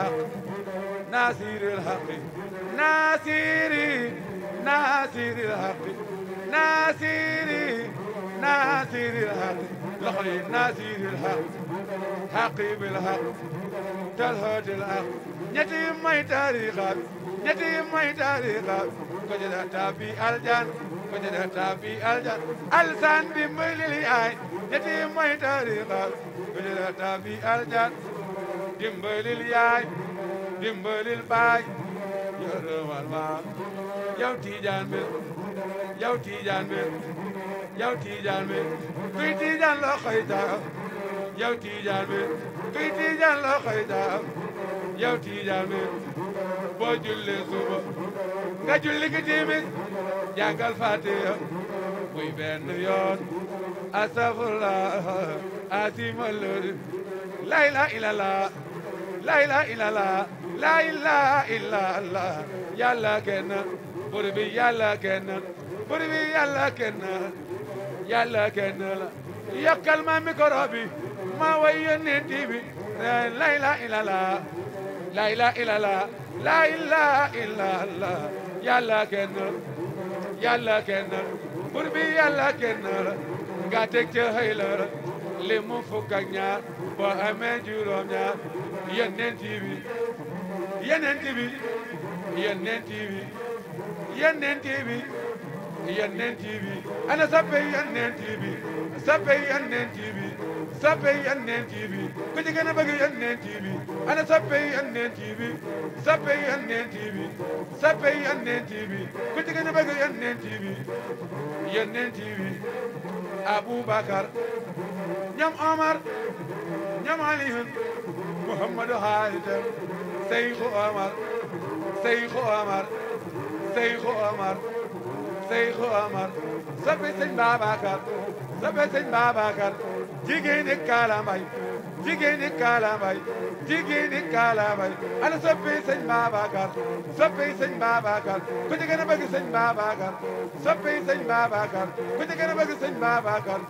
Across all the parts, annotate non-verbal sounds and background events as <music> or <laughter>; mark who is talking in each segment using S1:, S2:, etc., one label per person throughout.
S1: الحق ناصر الحق ناصري ناصر الحق ناصري ناصر الحق لخير ناصر الحق حقي بالحق تلهج الحق نتي ماي يتاريخك نتي ماي يتاريخك كجدا تابي الجان كجدا تابي الجان السان بملي آي نتي ماي يتاريخك كجدا تابي الجان dimbalil yaay dimbalil baay yërëmal maam yow tiijaan bi yow tiijaan bi yow tiijaan bi kuy tiijaan loo koy jaam yow tiijaan bi kuy tiijaan loo koy jaam yow tiijaan bi boo julli suba nga julli ki timis jàngal fatiha muy benn yoon astafurlah asimalori la ilaha illallah la ilaha illallah la ilaha yàlla kenn bur bi yàlla kenn bur bi yàlla kenn yàlla kenn la yokkal ma micro bi ma way yónnent bi la ilaha illallah la ilaha illallah la ilaha illallah yàlla kenn yàlla nga teg ca xëy la li mu fukk ak amee juróom ñaar Yonent bi Yonent bi Yonent bi Yonent bi Yonent bi ana sappe Yonent bi sappe Yonent bi sappe Yonent bi ku ci gën a bëgg Yonent bi ana sappe Yonent bi sappe Yonent bi sappe Yonent bi ku ci gën a bëgg Yonent bi Yonent bi Abubakar ñoom Omar جمالهم محمد حالدا شيخ عمر شيخ عمر شيخ عمر شيخ عمر سبي سن باباكر سبي سن باباكر جيجيني كالامي جيجيني كالامي jigéeni kaalaabay ana soppey sëñ Babacar soppey sëñ Babacar ku ci gën a bëgg sëñ Babacar soppey sëñ Babacar ku ci gën a bëgg sëñ Babacar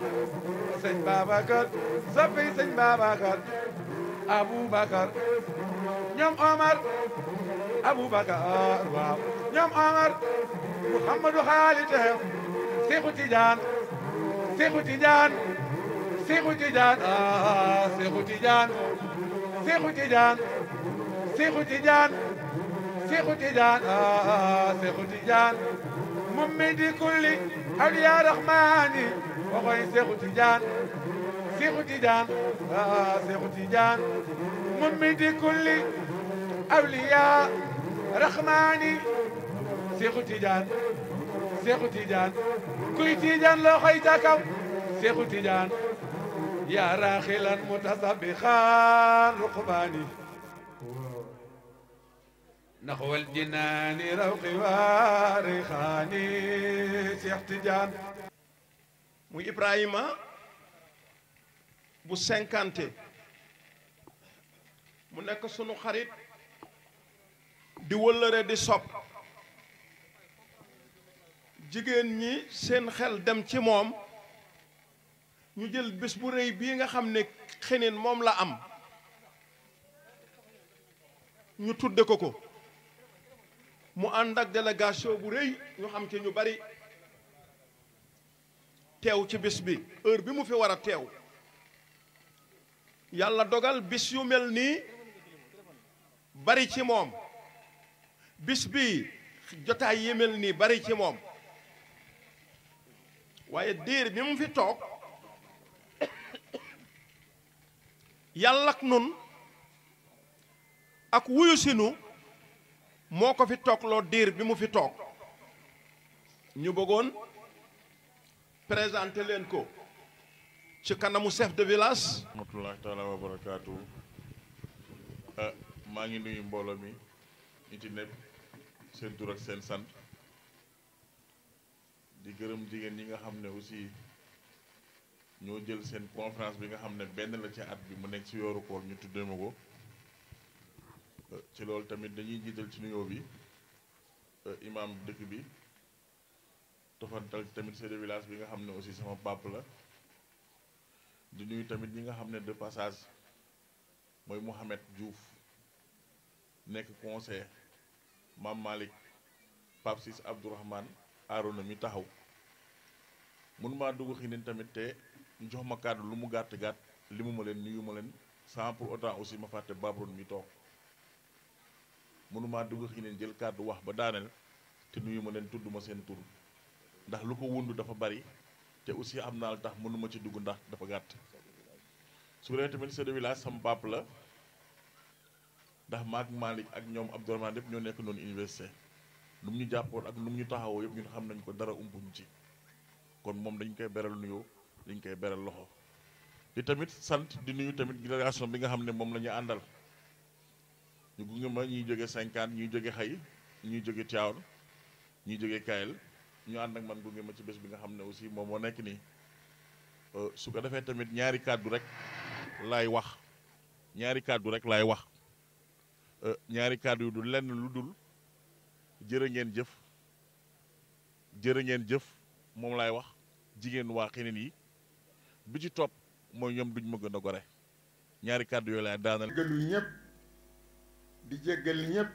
S1: sëñ Babacar soppi sëñ Babacar Aboubacar ñoom Omar Aboubacar waaw ñoom Omar Mouhamadou Khalid Seexu Tijaan Seexu Tijaan Seexu Tijaan ah Seexu Tijaan Seexu Tijaan Seexu Tijaan Seexu Tijaan ah Seexu Tijaan mummi di kulli awliyaa rahmaani waxoy Seexu Tijaan سيخو تيجان آه سيخو آه، تيجان ممد كل أولياء رحماني سيخو تيجان سيخو تيجان كوي تيجان لو خيتكم سيخو تيجان يا راخلا متصبخا رقباني نخو الجنان روقي وارخاني
S2: سيح تيجان مو إبراهيم آه؟ bu cinquante mu nekk sunu xarit di wëllëre di sopp jigéen ñi seen xel dem ci moom ñu jël bés bu rëy bii nga xam ne xeneen moom la am ñu tudde ko ko mu ànd ak delegation bu rëy ñu xam ci ñu bari teew ci bés bi heure bi mu fi war a teew yàlla dogal bis yu mel nii bari ci moom bis bi jotaay yi mel nii bari ci moom waaye diir bi mu fi toog yàlla ak nun ak wuyu moo ko fi toog loo diir bi mu fi toog ñu bëggoon présenter leen ko ci kanamu chef de village.
S3: rahmatullahi taala wa barakaatu ah, maa ngi nuyu mbooloo mi ñu ci nekk seen tur seen sant di gërëm jigéen ñi nga xam ne aussi ñoo jël seen conférence bi nga xam ne benn la ci at bi mu nekk ci yooru koor ñu tuddee ma ko ah, ci loolu tamit dañuy jiital ci nuyoo bi ah, imaam dëkk bi tofantal tamit chef de village bi nga xam ne aussi sama pàpp la. di nuyu tamit ñi nga xam ne de passage mooy Mouhamed Diouf nekk conseiller Mame Malick Pape Ciss Abdourahmane Arona mi taxaw mun maa dugg xi tamit te jox ma kàddu lu mu gàtt gàtt mu ma leen nuyu ma leen sans pour autant aussi ma fàtte Babron mi toog mënumaa dugg xi nin jël kàddu wax ba daaneel te nuyu ma leen tudd ma seen tur ndax lu ko wund dafa bari té aussi amna naa lu tax mënuma ci dugg ndax dafa gatt su ko tamit chef de village sam bap la ndax mak malik ak ñom abdourahman yëpp ñoo nekk non université nu ñu jappoon ak nu ñu taxawoo yëpp ñun xam nañ ko dara umbuñ ci kon moom dañ koy beral nuyoo dañ koy beral loxo di tamit sant di nuyu tamit génération bi nga xam ne moom la ñu àndal ñu gunge ma ñuy jóge 50 ñuy jóge xay ñuy jóge tiawr ñuy jóge Kayel ñu and ak man gunge ma ci bës bi nga xam ne aussi moom moo nekk euh su ko defee tamit ñaari kaddu rek lay wax ñaari kaddu rek lay wax euh, ñaari kaddu yu du lenn lu jëre ngeen jëf jëre ngeen jëf mom lay wax jigen wa xeneen yi bu ci top moy ñom duñ mëgg na goré ñaari kaddu yo lay daanal gëlu ñepp
S4: di jéggal ñepp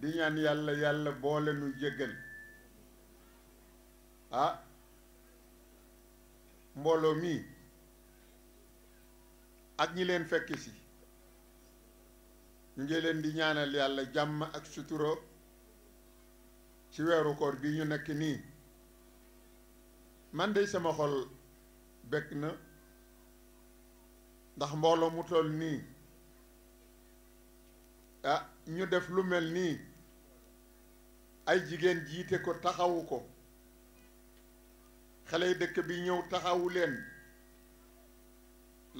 S4: di ñaan yalla yalla boole nu jéggal ah mbooloo mii ak ñi leen fekk si ñu ngi leen di ñaanal yàlla jàmm ak sutura ci weeru koor bi ñu nekk nii man de sama xol bekk na ndax mbooloo mu toll nii ah ñu def lu mel nii ay jigéen jiite ko taxawu ko xale yi dëkk bi ñëw taxawu leen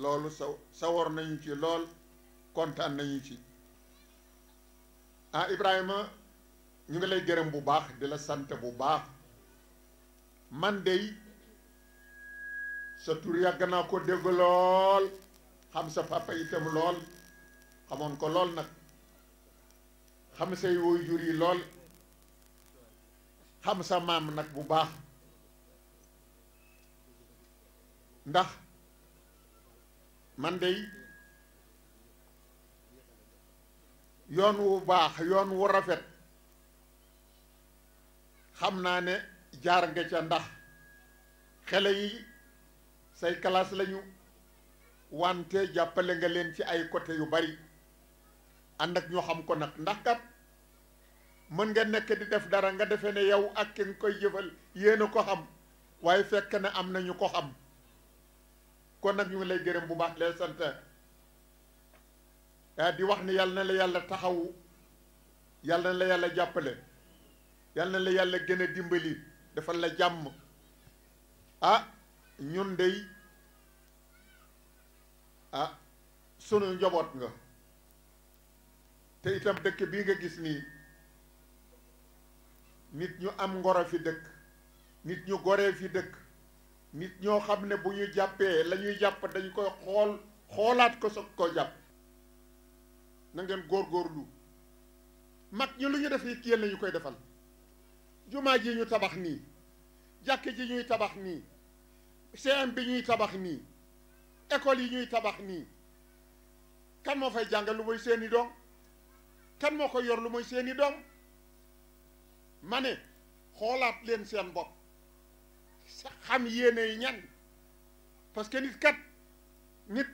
S4: loolu sa sawar nañu ci lool kontaan nañu ci ah Ibrahima ñu ngi lay gërëm bu baax di la sant bu baax man dey sa tur yàgg naa ko dégg lool xam sa papa itam lool xamoon ko lool nag xam say waajur yi lool xam sa maam nag bu baax ndax man dey yoon wu baax yoon wu rafet xam naa ne jaar nga ca ndax xele yi say classe lañu wante jàppale nga leen ci ay côté yu bari ànd ak ñoo xam ko nag ndax kat mën nga nekk di def dara nga defe ne yow ak ki nga koy jëfal yéen ko xam waaye fekk ne am na ñu ko xam kon nag ñu ngi lay gërëm bu baax lay sant eh, di wax ni yàlla na la yàlla taxawu yàlla na la yàlla jàppale yàlla na la yàlla gën a dimbali dafa la jàmm a ah, ñun dey ah sunu njaboot nga te itam dëkk bii nga gis nii nit ñu am ngoro fi dëkk nit ñu goree fi dëkk nit ñoo xam ne bu ñu jàppee lañuy ñuy jàpp dañ koy xool xoolaat ko soog koo jàpp na ngeen góorlu mag ñi lu ñu def it yéen la ñu koy defal jumaa ji ñu tabax nii jàkk ji ñuy tabax nii CM bi ñuy tabax nii école yi ñuy tabax nii kan moo fay jàngal lu muy seeni doom kan moo ko yor lu muy seeni doom ma ne xoolaat leen seen bopp xam yéene ñan parce que nit kat
S3: nit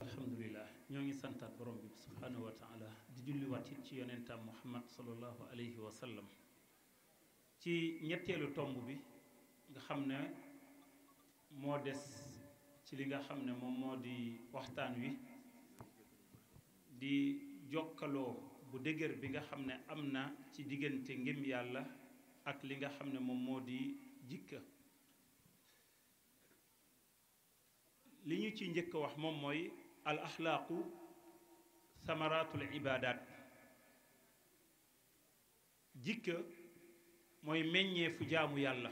S5: alhamdulillah ñoo ngi santaat borom bi subhanahu wa taala di julliwaat wat ci yonenta muhammad Sallallahu alayhi wa sallam ci ñettelu tomb bi nga xam ne moo des ci li nga xam ne moom moo di waxtaan wi di jokkaloo bu dëgër bi nga xam ne am na ci diggante ngëm yàlla ak li nga xam ne moom moo di jikka li ñu ci njëkk wax moom mooy al axlaaqu samaraatul ibaadaat jikka mooy meññeefu jaamu yàlla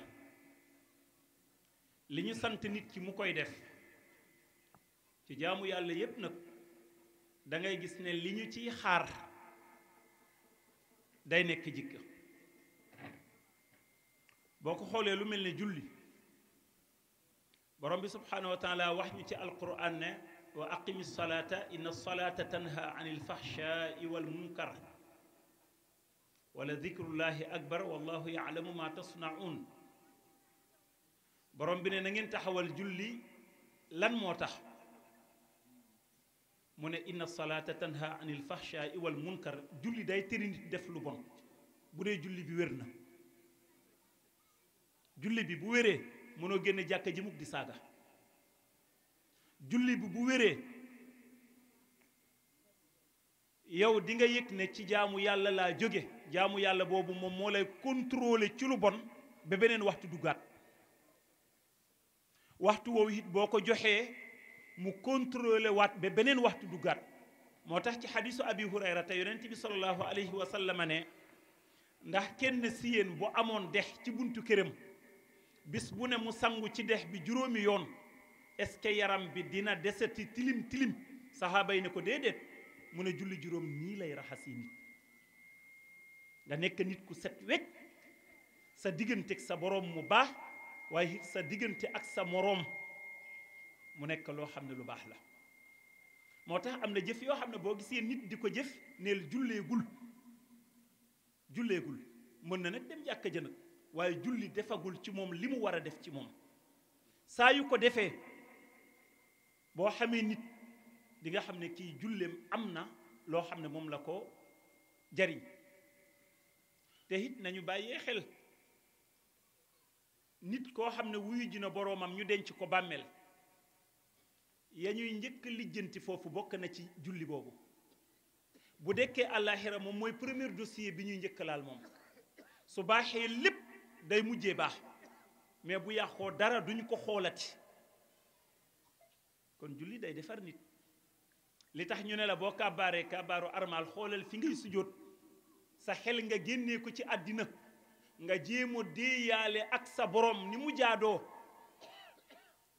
S5: li ñu sant nit ki mu koy def ci jaamu yàlla yépp nag dangay gis ne li ñu ciy xaar day nekk jikka boo ko xoolee lu mel ne julli borom bi subhanahu wa taala wax ñu ci alquran ne wa aqimi salata inna salata tanha an alfahshai walmunkar wala dicrullahi akbar wallahu yaalamu ma tasnaun borom bi ne na ngeen taxawal julli lan moo tax mu inna salata tanha anil an alfahshai munkar julli day tëri nit def lu bon bu julli bi wér na julli bi bu wéree mënoo génne jàkka ji mukk di saaga julli bi bu wéree yow di nga yëg ne ci jaamu yàlla laa jóge jaamu yàlla boobu moom moo lay contrôler ci lu bon ba beneen waxtu duggaat waxtu woowu it boo ko joxee mu contrôler waat ba beneen waxtu duggaat moo tax ci xadisu abi hurayra te yonent bi sallallahu alayhi wa sallam ne ndax kenn si yéen bu amoon dex ci buntu këram bis bu ne mu sangu ci dex bi juróomi yoon est-ce que yaram bi dina deseti tilim tilim saxaaba yi ne ko déedéet mu ne julli juróom nii lay raxasi nit nga nekk nit ku set wecc sa diggante sa boroom mu baax waaye sa diggante ak sa moroom mu nekk loo xam ne lu baax la moo tax am na jëf yoo xam ne boo gisee nit di ko jëf neel julleegul julleegul mën na nag dem jàkka ja waaye julli defagul ci moom li mu war a def ci moom saa yu ko defee boo xamee nit di nga xam ne kii julleem am na loo xam ne moom la ko jariñ te it nañu bàyyee xel nit koo xam ne wuyu ji na boroomam ñu denc ko bàmmeel ya ñuy njëkk lijjanti foofu bokk na ci julli boobu bu dekkee àllaaxira moom mooy premier dossier bi ñuy njëkk laal moom su baaxee lépp day mujje baax mais bu yàqoo dara duñu ko xoolati kon julli day defar nit li tax ñu ne la boo kàbbaaree kàbbaaru armaal xoolal fi ngay sujjóot sa xel nga génnee ko ci àddina nga jéem a déeyaale ak sa borom ni mu jaadoo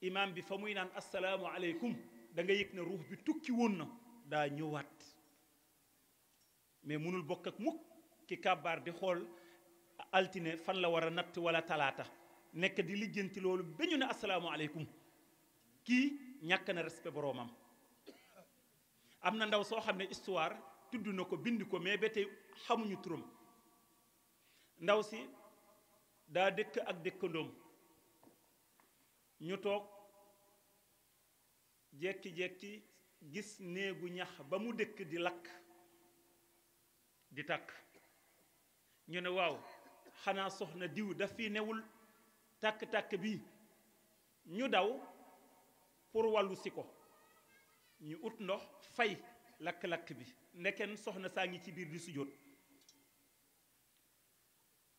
S5: imaam bi fa muy naan assalaamu aleykum da nga yëg ne ruux bi tukki woon na daa ñëwaat mais mënul bokk ak mukk ki kàbbaar di xool altine fan la war a natt wala talaata nekk di lijjanti loolu ba ñu ne asalaamaaleykum kii ñàkk na respect boroomam am na ndaw soo xam ne histoire tudd na ko bind ko mais ba tey xamuñu turam ndaw si daa dëkk ak dëkkandoom ñu toog jekki-jekki gis néegu ñax ba mu dëkk di lakk di tàkk ñu ne waaw xanaa soxna diw daf fi newul tàkk-tàkk bi ñu daw pour wàllu si ko ñu ut ndox fay lakk-lakk bi ndeken soxna saa ngi ci biir di sujjóot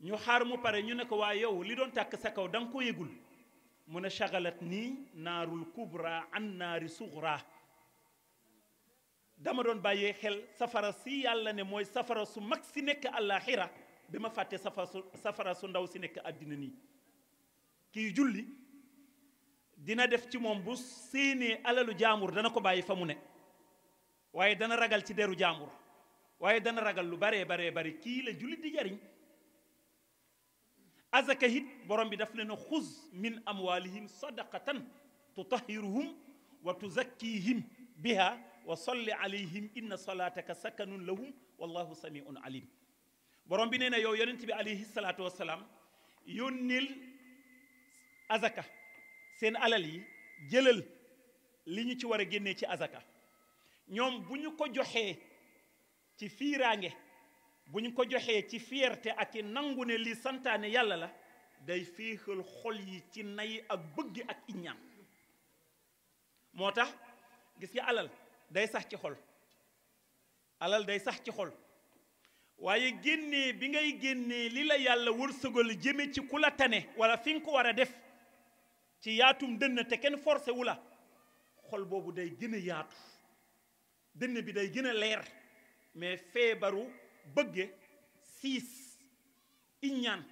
S5: ñu xaar mu pare ñu ne ko waa yow li doon tàkk sa kaw danga ko yëgul mën a shagalat nii naarul kubra an naari suxra dama doon bàyyee xel safara si yàlla ne mooy safara su mag si nekk àllaaxira bima fàtte safara su ndaw si nek adina ni ki julli dina def ci mom bu séenee alalu jaambur dana ko bàyyi fa mu ne waaye dana ragal ci deru jaambur waye dana ragal lu bare bare bare ki la julli di jariñ azaka hit borom bi daf leen khuz min amwalihim sadaqatan tutahhiruhum wa tuzakkihim biha wa salli alayhim inna salataka sakanun lahum wallahu samiun alim borom bi nee na yow yonent bi alayhi salaatu wasalaam yónnil azaka seen alal yi jëlal li ñu ci war a génnee ci azaka ñoom bu ñu ko joxee ci fiiraange bu ñu ko joxee ci fierté ak i nangu ne li santaane yàlla la day féexal xol yi ci nay ak bëgg ak iññaan moo tax gis nga alal day sax ci xol alal day sax ci xol waaye génnee bi ngay génnee li la yàlla wërsëgal jëme ci ku la tane wala fi nga ko war a def ci yaatum dënn te kenn forcé wu la xol boobu day gën a yaatu dënn bi day gën a leer mais feebaru bëgge siis iññaan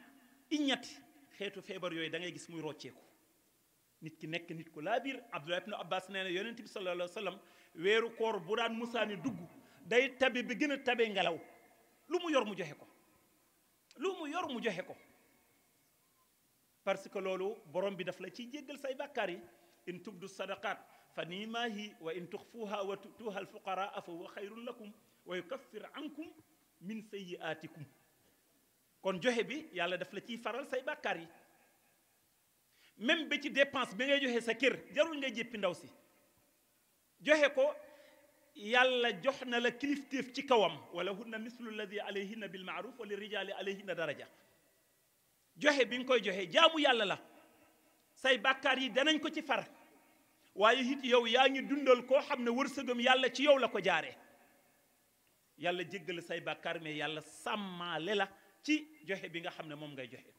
S5: iññati xeetu feebar yooyu dangay gis muy rocceeku nit ki nekk nit ko laa biir ab ibn Abbas nee na yonent bi sallallahu alayhi wa sallam weeru koor bu daan musaani dugg day tabe bi gën a tabe ngelaw lu yor mu joxe ko lu yor mu joxe ko parce que lolu borom bi daf la ci jéggal say bàkkaar yi in tubdu sadaqat fa niimaa hi wa in tukhfuha wa tutuha fuqara fa huwa xayrun lakum wa yukaffir ankum min sayiaatikum kon joxe bi yàlla daf la ci faral say bàkkaar yi même be ci dépense bi ngay joxe sa kër jarul nga jéppi ndaw si joxe ko yàlla jox na la kilifteef ci kawam wala hunna mislu alladi alayhinna bil maaruf wali rijaali alayhinna daraja joxe bi nga koy joxe jaamu yàlla la say bàkkaar yi danañ ko ci far waaye it yow yaa ngi dundal koo xam ne wërsëgam yàlla ci yow la ko jaare yàlla jéggal say bàkkaar mais yàlla sàmmaale la ci joxe bi nga xam ne moom ngay joxe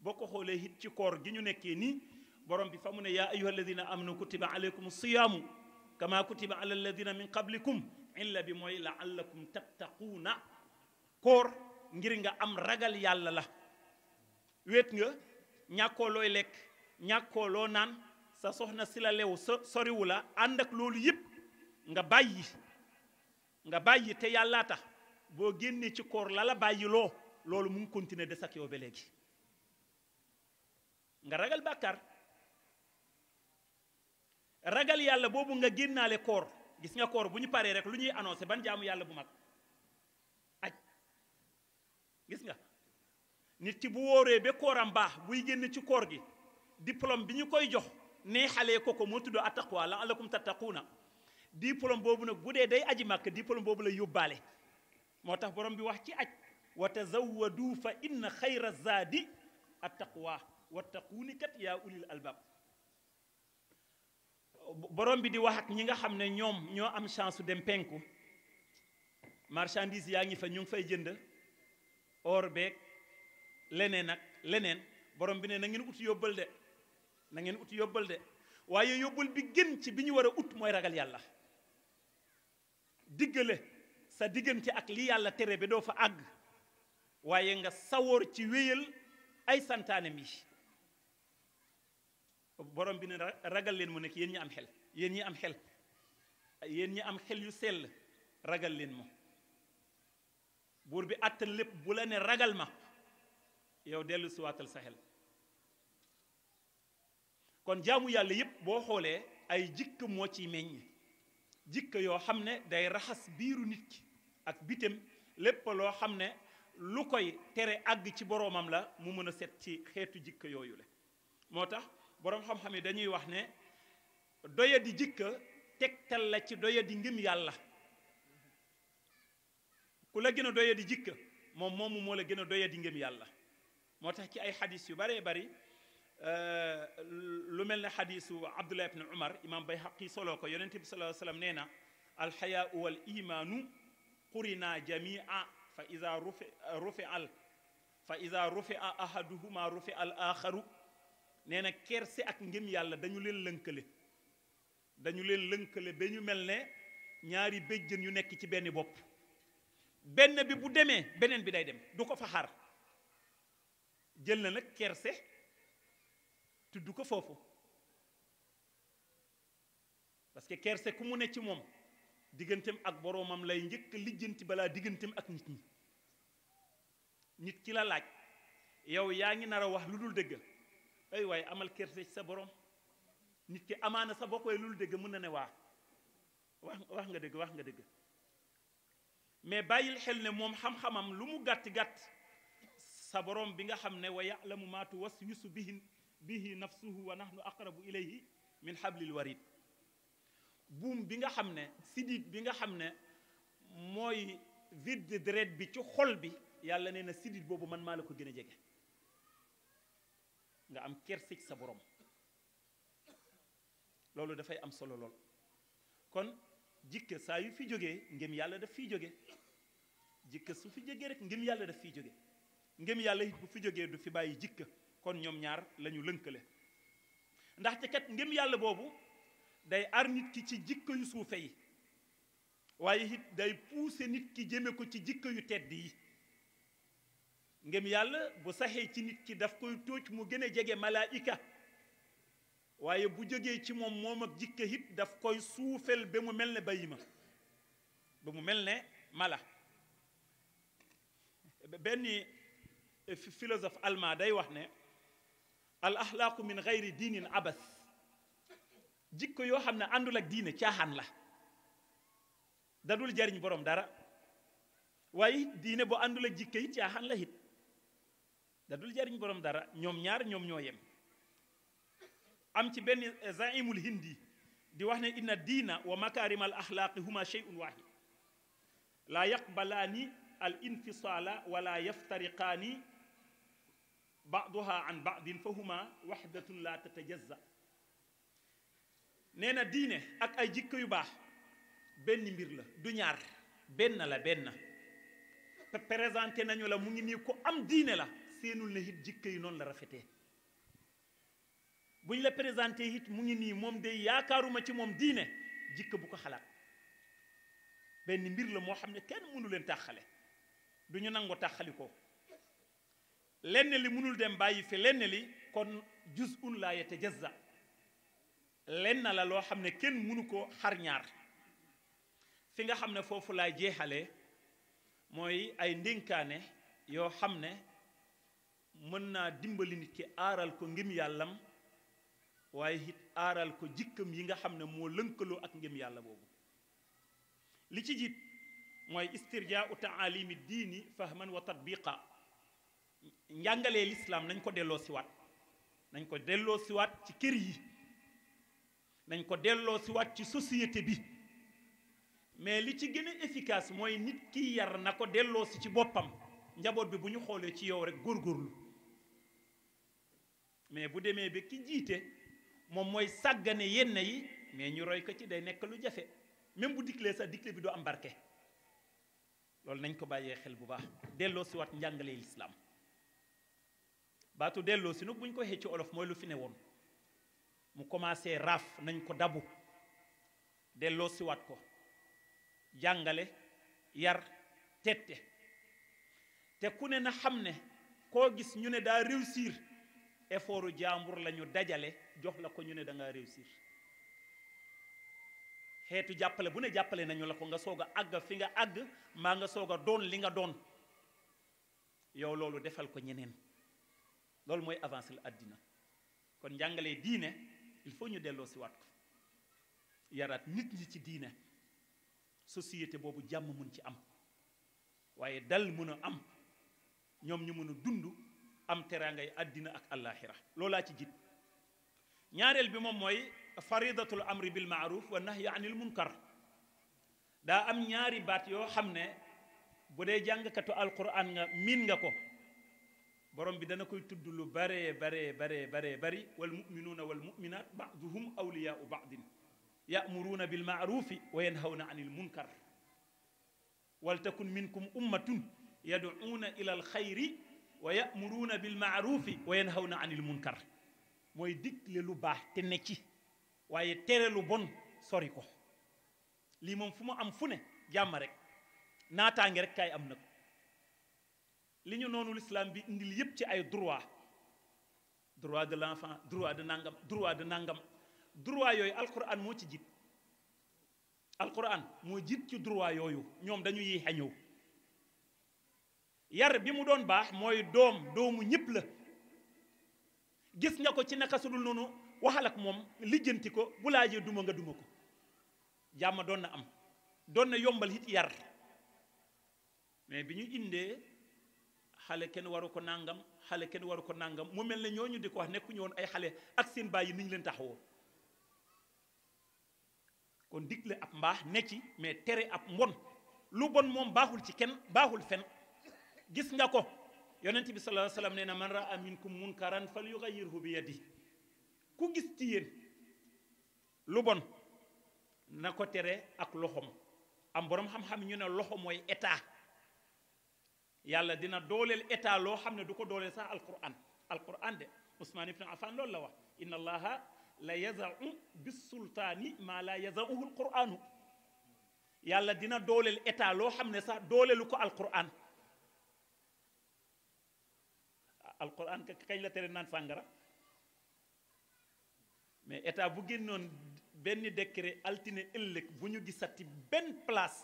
S5: boo ko xoolee it ci koor gi ñu nekkee nii borom bi fa mu ne yaa ayuha alladina amanu kutiba alaykum siyaamu kama kutiba ala alladina min qablikum illa bi mooy laallakum tattaquuna koor ngir nga am ragal yàlla la wéet nga ñàkkoo looy lekk ñàkkoo loo naan sa soxna si la lew sa soriwu la ànd ak loolu yëpp nga bàyyi nga bàyyi te yàllaa tax boo génnee ci koor lala la bàyyi loo loolu mu ngi continuer des ak yow ba léegi nga ragal bàkkaar ragal yàlla boobu nga génnaale koor gis nga koor bu ñu paree rek lu ñuy annoncé ban jaamu yàlla bu mag aj gis nga nit ci bu wóoree ba kooram baax buy génn ci koor gi diplôme bi ñu koy jox neexalee ko ko moo tudd attaqwa la alakum tattaquuna diplôme boobu nag bu dee day aji màkk diplôme boobu la yóbbaale moo tax borom bi wax ci aj wa tazawwadu fa inna xayra zaadi attaqwa wattaquuni kat yaa ulil albab borom bi di wax ak ñi nga xam ne ñoom ñoo am chance dem penku marchandise yaa ngi fa ñu ngi fay jënd or leneen ak leneen borom bi ne na ngeen ut yóbbal de na ngeen ut yóbbal de waaye yóbbal bi gën ci bi ñu war a ut mooy ragal yàlla diggale sa diggante ak li yàlla tere bi doo fa àgg waaye nga sawoor ci wéyal ay santaanem yi borom bi ne ragal leen mu nekk yéen ñi am xel yéen ñi am xel yéen ñi am xel yu sell ragal leen ma buur bi àttan lépp bu la ne ragal ma yow dellu siwaatal sa xel kon jaamu yàlla yépp boo xoolee ay jikk moo ciy meññ jikk yoo xam ne day raxas biiru nit ki ak bitam lépp loo xam ne lu koy tere àgg ci boroomam la mu mën a set ci xeetu jikk yooyu le moo tax borom xam-xam yi dañuy wax ne doya di jikka tegtal la ci doya di ngim yàlla ku la gën a doya di jikka moom moomu moo la gën a doya di ngim yàlla moo tax ci ay xadis yu bare bari lu mel ne xadisu abdullah ibn umar imam bayhaqi solo ko yonente bi salaa sallam nee na alxayaau wal imaanu qurina jamia fa iza rufi al fa ida rufia ahaduhuma rufi al axaru nee na kerse ak ngëm yàlla dañu leen lënkale dañu leen lënkale ba ñu mel ne ñaari béjjën yu nekk ci benn bopp benn bi bu demee beneen bi day dem du ko fa xaar jël na nag kerse tudd ko foofu parce que kerse ku mu ne ci moom digganteem ak boroomam lay njëkk lijjanti balaa digganteem ak nit ñi nit ki la laaj yow yaa ngi nar a wax lu dul dëgg ay waaye amal kerse ci sa borom nit ki amaana sa bopp waaye loolu dëgg mën na ne waa wax wax nga dëgg wax nga dëgg mais bàyyil xel ne moom xam-xamam lu mu gàtt gàtt sa borom bi nga xam ne wa ya'lamu ma tuwaswisu bihi bihi nafsuhu wa nahnu aqrabu ilayhi min hablil warid buum bi nga xam ne sidiit bi nga xam ne mooy vide de deret bi ci xol bi yàlla nee na sidiit boobu man maa la ko gën a jege nga am kersig sa boroom loolu dafay am solo lool kon jikka saa yu fi jógee ngëm yàlla def fiy jóge jikka su fi jógee rek ngëm yàlla def fiy jóge ngëm yàlla it bu fi jógee du fi bàyyi jikka kon ñoom ñaar lañu lënkale ndaxte kat ngëm yàlla boobu day ar nit ki ci jikko yu suufe yi waaye it day puuse nit ki jëme ko ci jikka yu tedd yi ngëm yàlla bu saxee ci nit ki daf koy tóoj mu gën a jege malaayika waaye bu jógee ci mom mom ak jikke hit daf koy soufel be mu melne bayima be mu melne mala ben philosophe allemand day wax ne al akhlaq min ghayri dinin abas jikko yo xamne àndul ak diine caaxaan la dadul jariñ borom dara waye diine bo àndul ak jikke yi caaxaan la hit da dul jariñ borom dara ñoom ñaar ñoom ñoo yem am ci benn zaimul hindi di wax ne inna diina wa makarim al axlaaqi huma sheyun wahid la yaqbalaani al infisala wala yaftariqaani ba'duha an ba'din fa huma wahdatun la tatajazza nee na diine ak ay jikko yu baax benn mbir la du ñaar benn la benn présenté nañu la mu ngi nii ku am diine la seenul ne it jikko yi noonu la rafetee buñ la présenté it mu ngi nii moom day yaakaaruma ci moom diine jikko bu ko xalaat benn mbir la moo xam ne kenn mënu leen tàqale du ñu nangu tàqali ko lenn li mënul dem bàyyi fi lenn li kon jus un laa yatajazza lenn la loo xam ne kenn mënu ko xar ñaar fi nga xam ne foofu laa jeexalee mooy ay ndénkaane yoo xam ne mën naa dimbali nit ki aaral ko ngëm yàllam waaye it aaral ko jikkam yi nga xam ne moo lënkaloo ak ngëm yàlla boobu li ci jiit mooy istirjaau taalimi diini fahman wa tatbiqa njàngalee lislaam nañ ko delloo siwaat nañ ko delloo siwaat ci kër yi nañ ko delloo siwaat ci société bi mais li ci gën a efficace mooy nit ki yar na ko delloo si ci boppam njaboot bi bu ñu xoolee ci yow rek góorlu mais bu demee be ki jiite moom mooy saggane yenn yi mais ñu roy ko ci day nekk lu jafe même bu diklee sa dikle bi doo am barke loolu nañ ko bàyyee xel bu baax delloo si wat njàngale lislaam baatu delloo si nag buñ ko xecc olof mooy lu fi ne woon mu commencé raaf nañ ko dabu delloo si wat ko jàngale yar tette te ku ne na xam ne koo gis ñu ne daa réussir effortu jàmbur lañu dajale jox la ko ñu ne danga réussir xeetu jàppale bu ne jàppale nañu la ko nga soog a àgg fi nga àgg maa nga soog a doon li nga doon yow loolu defal ko ñeneen loolu mooy avance la àddina kon njàngale diine il faut ñu delloo si waat ko yaraat nit ñi ci diine société boobu jàmm mun ci am waaye dal mun a am ñoom ñu mën a dund am teraangay adina ak al-akhirah lola ci jitt ñaarel bi mom moy faridatul amri bil ma'ruf wa nahyi anil munkar da am ñaari baat yoo xam ne jang katu al-qur'an nga min nga ko borom bi dana koy tuddu lu bare bare bare bare bari wal mu'minuna wal muminat baaduhum awliya'u baadin ya'muruna bil ma'ruf wa yanhawna anil munkar wal takun minkum ummatun yaduuna ila alxayri wa yamuruuna bil maaruufi wa yanhawna anil munkar mooy digle lu baax te ne ci waaye tere lu bon sori ko lii moom fu mu am fu ne jàmm rek naataange rek kaay am na ko li ñu noonu lislaam bi indil yépp ci ay droit droit de l'enfant droit de nangam droit de nangam droit yooyu alquran moo ci jiit alquran moo jiit ci droit yooyu ñoom dañu yéex a ñëw yar bi mu doon baax mooy doom doomu ñëpp la gis nga ko ci naka sudul noonu waxal ak moom lijjanti ko bu laajee duma nga duma ko jàmma doon na am doon na yombal it yar mais bi ñu indee xale kenn waru ko nangam xale kenn waru ko nangam mu mel ne ñooñu di ko wax nekkuñu woon ay xale ak seen bàyyi ni ñu leen taxawoo kon digle ab mbaax ne ci mais tere ab mbon lu bon moom baaxul ci kenn baaxul fen gis nga ko yonent bi sallallahu alayhi wasallam sallam man raa minkum munkaran falyughayyirhu bi yadi ku gis ci yéen lu bon nako tere ak loxom am borom xam-xam ñu ne loxo moy état yàlla dina dolel état lo xamne duko du sax alquran alquran de usman ibn Affan lol la wax inna allaha la bis-sultani ma la yaz'uhu alquran yàlla dina dolel état lo xamne sax dooleelu ko alquran alquran kañ la tere naan sàngara mais état bu génnoon benn décret altine ëllëg bu ñu gisati benn place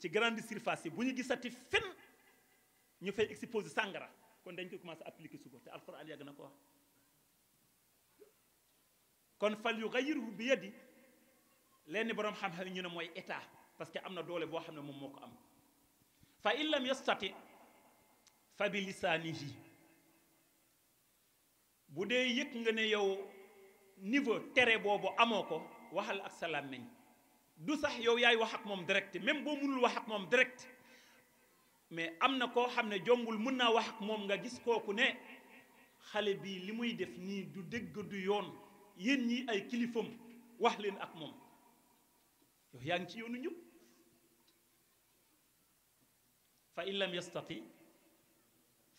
S5: ci grande surface yi bu ñu gis gisati fenn ñu fay exposé sàngara kon dañ koy commencé appliquer suba te alquran yàgg na ko wax kon fal yu xayirhu bi yadi lenn boroom xam-xam ñu ne mooy état parce que am na doole boo xam ne moom moo ko am fa in lam fabilisaanihi bu dee yëg nga ne yow niveau tere boobu amoo ko waxal ak sa làmmiñ du sax yow yaay wax ak moom direct même boo mënul wax ak moom direct mais am na koo xam ne jombul mën naa wax ak moom nga gis kooku ne xale bii li muy def nii du dëgg du yoon yéen ñi ay kilifam wax leen ak moom yow yaa ngi ci yoonu njub fa in lam yastati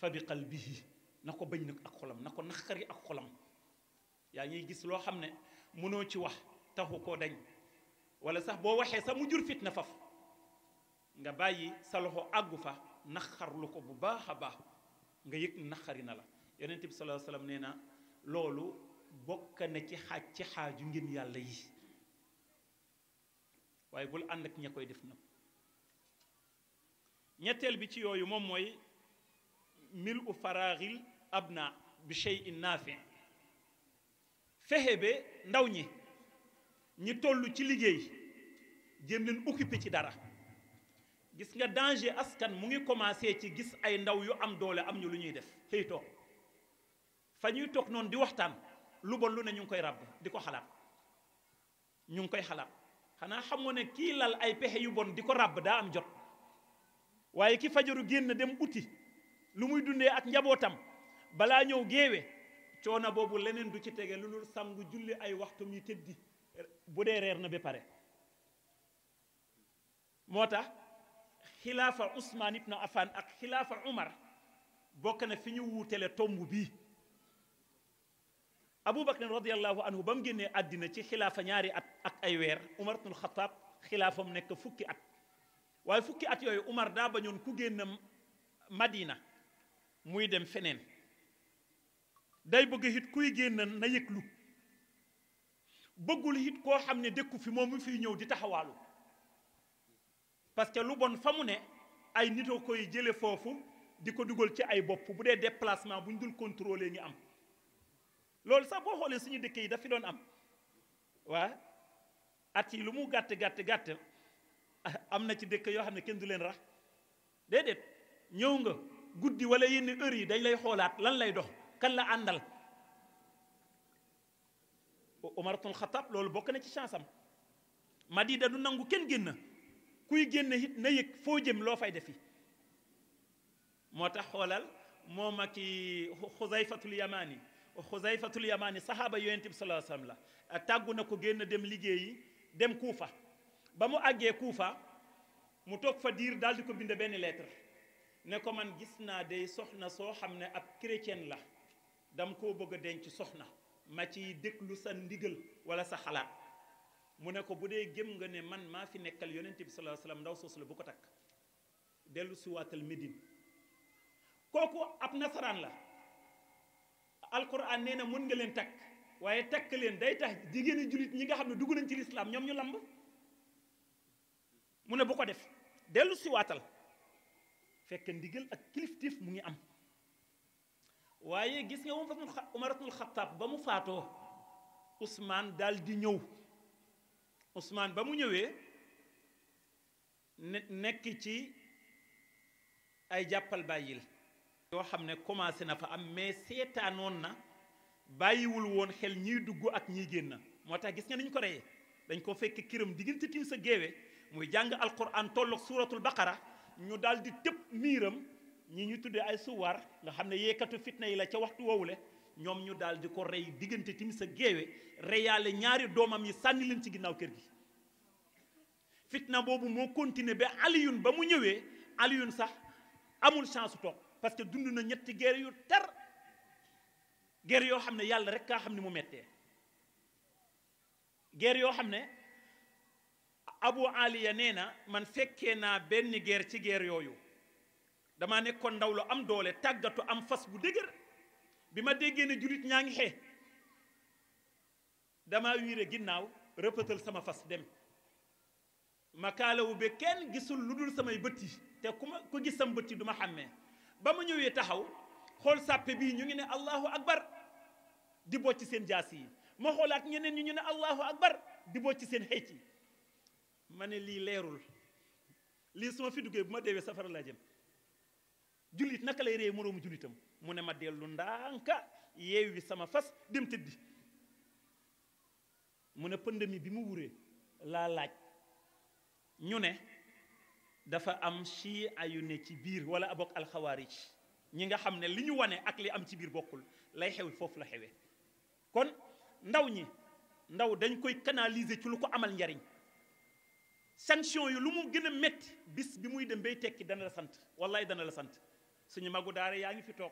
S5: fa bi qalbihi na ko bañ nag ak xolam na ko naqari ak xolam yaa ngi gis loo xam ne mënoo ci wax taxu ko dañ wala sax boo waxee sax mu jur fit na faf nga bàyyi sa loxo àggu fa naqarlu ko bu baax a baax nga yëg naqari na la yonent bi sallallahu alayhi wasallam nee na loolu bokk na ci xaaj ci xaaju ngeen yàlla yi waaye bul ànd ak ña koy def nag ñetteel bi ci yooyu moom mooy mil u faraaxil abna bi shay'in naafi fexe ba ndaw ñi ñi toll ci liggéey jéem leen occupé ci dara gis nga danger askan mu ngi commencé ci gis ay ndaw yu am doole am ñu lu ñuy def xëy toog fa ñuy toog noonu di waxtaan lu bon lu ne ñu ngi koy ràbb di ko xalaat ñu ngi koy xalaat xanaa xamoo ne kii lal ay pexe yu bon di ko ràbb daa am jot waaye ki fajaru génn dem uti lu muy dundee ak njabootam balaa ñëw géewe coono boobu leneen du ci tege lu dul sangu julli ay waxtu yi tëddi bu dee reer na ba pare moo tax xilaafa Ousmane na Affan ak xilaafa Umar bokk na fi ñu wuutele tomb bii Aboubacar radiallahu anhu ba mu génnee àddina ci xilaafa ñaari at ak ay weer Umar ibnul Xataab mu nekk fukki at waaye fukki at yooyu Umar daa bañoon ku génn Madina muy dem feneen day bëgg it kuy génn na yëglu bëggul it koo xam ne dëkku fi moom mu fiy ñëw di taxawaalu parce que lu bon fa mu ne ay nitoo koy jële foofu di ko dugal ci ay bopp bu dee déplacement bu ñu dul contrôler ñu am loolu sax boo xoolee suñu dëkk yi dafi doon am waa at yi lu mu gàtt gàtt gàtt ah, am na ci dëkk yoo xam ne kenn du leen rax déedéet ñëw nga guddi wala yenn heure yi dañ lay xoolaat lan lay dox kan la àndal Omar ibn Khattab loolu bokk na ci chance am Madida du nangu kenn génn kuy génn it na yëg foo jëm loo fay defi moo tax xoolal moom ak xusayfatul yamaani xusayfatul yamani sahaba yonent bi salaa sallam la tàggu na ko génn dem yi dem kuufa ba mu àggee kuufa mu toog fa diir daal di ko bind benn lettre ne ko man gis naa day soxna soo xam ne ab chrétien la dam koo bëgg a denc soxna ma ciy déglu sa ndigal wala sa xalaat mu ne ko bu dee gëm nga ne man maa fi nekkal yonent bi sallallahu alayhi ndaw soosu la bu ko takk dellu siwaatal Médine kooku ab nasaraan la alquran nee na mën nga leen takk waaye takk leen day tax jigéeni jullit ñi nga xam ne dugg nañ ci lislaam ñoom ñu lamb mu ne bu ko def dellu siwaatal fekk ndigal ak kiliftif mu ngi am waaye gis nga umaratul xataab ba mu faatoo Ousmane daal di ñëw Ousmane ba mu ñëwee ne nekk ci ay jàppal bàyyil yoo xam ne commencé na fa am mais seetaanoon na bàyyiwul woon xel ñiy dugg ak ñiy génn moo tax gis nga niñ ko reyee dañ ko fekk këram diggante tiim sa géewe muy jàng alquran tolloog suuratul baqara ñu daal di tëb miiram ñi ñu tuddee ay suwaar nga xam ne yeekatu fitna yi la ca waxtu wowule ñoom ñu daal di ko rey diggante timis sa géewe reyaale ñaari doomam yi sànni leen ci ginnaaw kër gi fitna boobu moo continuer ba aliyun ba mu ñëwee aliyun sax amul chance toog parce que dund na ñetti guerre yu tar guerre yoo xam ne yàlla rek kaa xam ne mu mettee guerre yoo xam ne abu aliya nee na man fekkee naa benn guerre ci guerre yooyu dama nekkoon ndaw lu am doole tàggatu am fas bu dëgër bi ma déggee ne jullit ñaa ngi xee dama wiire ginnaaw rëppatal sama fas dem ma kaalawu be kenn gisul lu dul samay bët yi te ku ma ku gis sama bët yi du ma xàmmee ba ma ñëwee taxaw xool sàppe bii ñu ngi ne allahu bar di bocc seen jaas yi ma xoolaat ñeneen ñu ñu ne allahu akbar di bocc seen xeec yi ma ne lii leerul lii su ma fi duggee bu ma deewee safara laa jëm jullit naka lay ree moroomu jullitam mu ne ma dellu ndànka yeewi sama fas dem tëddi mu ne pandémie bi mu wuree laa laaj ñu ne dafa am chi ayu ne ci biir wala abok alxawaarij ñi nga xam ne li ñu wane ak li am ci biir bokkul lay xew foofu la xewee kon ndaw ñi ndaw dañ koy canaliser ci lu ko amal njariñ sanction yi lu mu gën a métti bis bi muy dem bay tekki dana la sant wallahi dana la sant suñu magu daara yaa ngi fi toog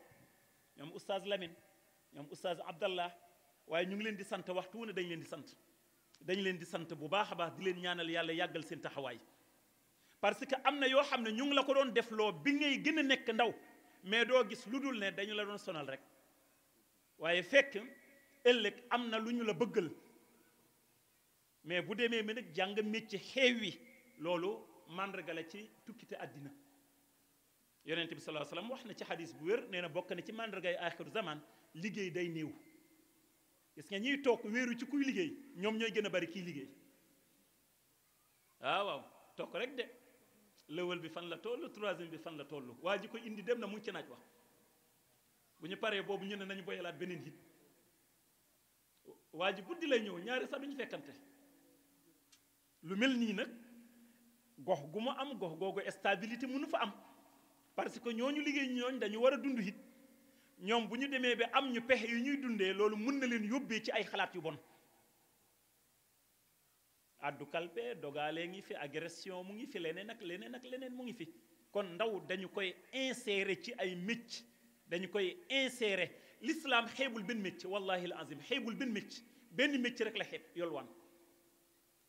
S5: ñoom oustaz Lamine ñoom oustaz Abdallah waaye ñu ngi leen di sant waxtu ne dañ leen di sant dañ leen di sant bu baax a baax di leen ñaanal yàlla yàggal seen taxawaay parce que am na yoo xam ne ñu ngi la ko doon def loo bi ngay gën a nekk ndaw mais doo gis lu dul ne dañu la doon sonal rek waaye fekk ëllëg am na lu ñu la bëggal mais bu demee mi nag jàng métier xeewi loolu màndarga la ci tukkite àddina yonent bi salaa salaam wax na ci xadis bu wér nee na bokk na ci màndargay axiru zaman liggéey day néew gis nga ñiy toog wéeru ci kuy liggéey ñoom ñooy gën a bari kiy liggéey waaw ah, waaw toog rek de lëwal bi fan la toll troisième bi fan la toll waa ji ko indi dem na mu ngi ci naaj wax bu ñu paree boobu ñu ne nañu boyalaat beneen hit waa ji guddi lay ñëw ñaari sax ñu fekkante lu mel nii nag gox gu mu am gox googu stabilité mënu fa am parce que ñooñu liggéey ñooñ dañu war a dund it ñoom bu ñu demee ba am ñu pexe yu ñuy dundee loolu mën na leen yóbbee ci ay xalaat yu bon àddu kalpe dogalee ngi fi agression mu ngi fi leneen ak leneen ak leneen mu ngi fi kon ndaw dañu koy insérer ci ay métier dañu koy insérer l'islam xeebul benn métier wallahi al azim xeebul benn métier benn métier rek la xeeb yolwaan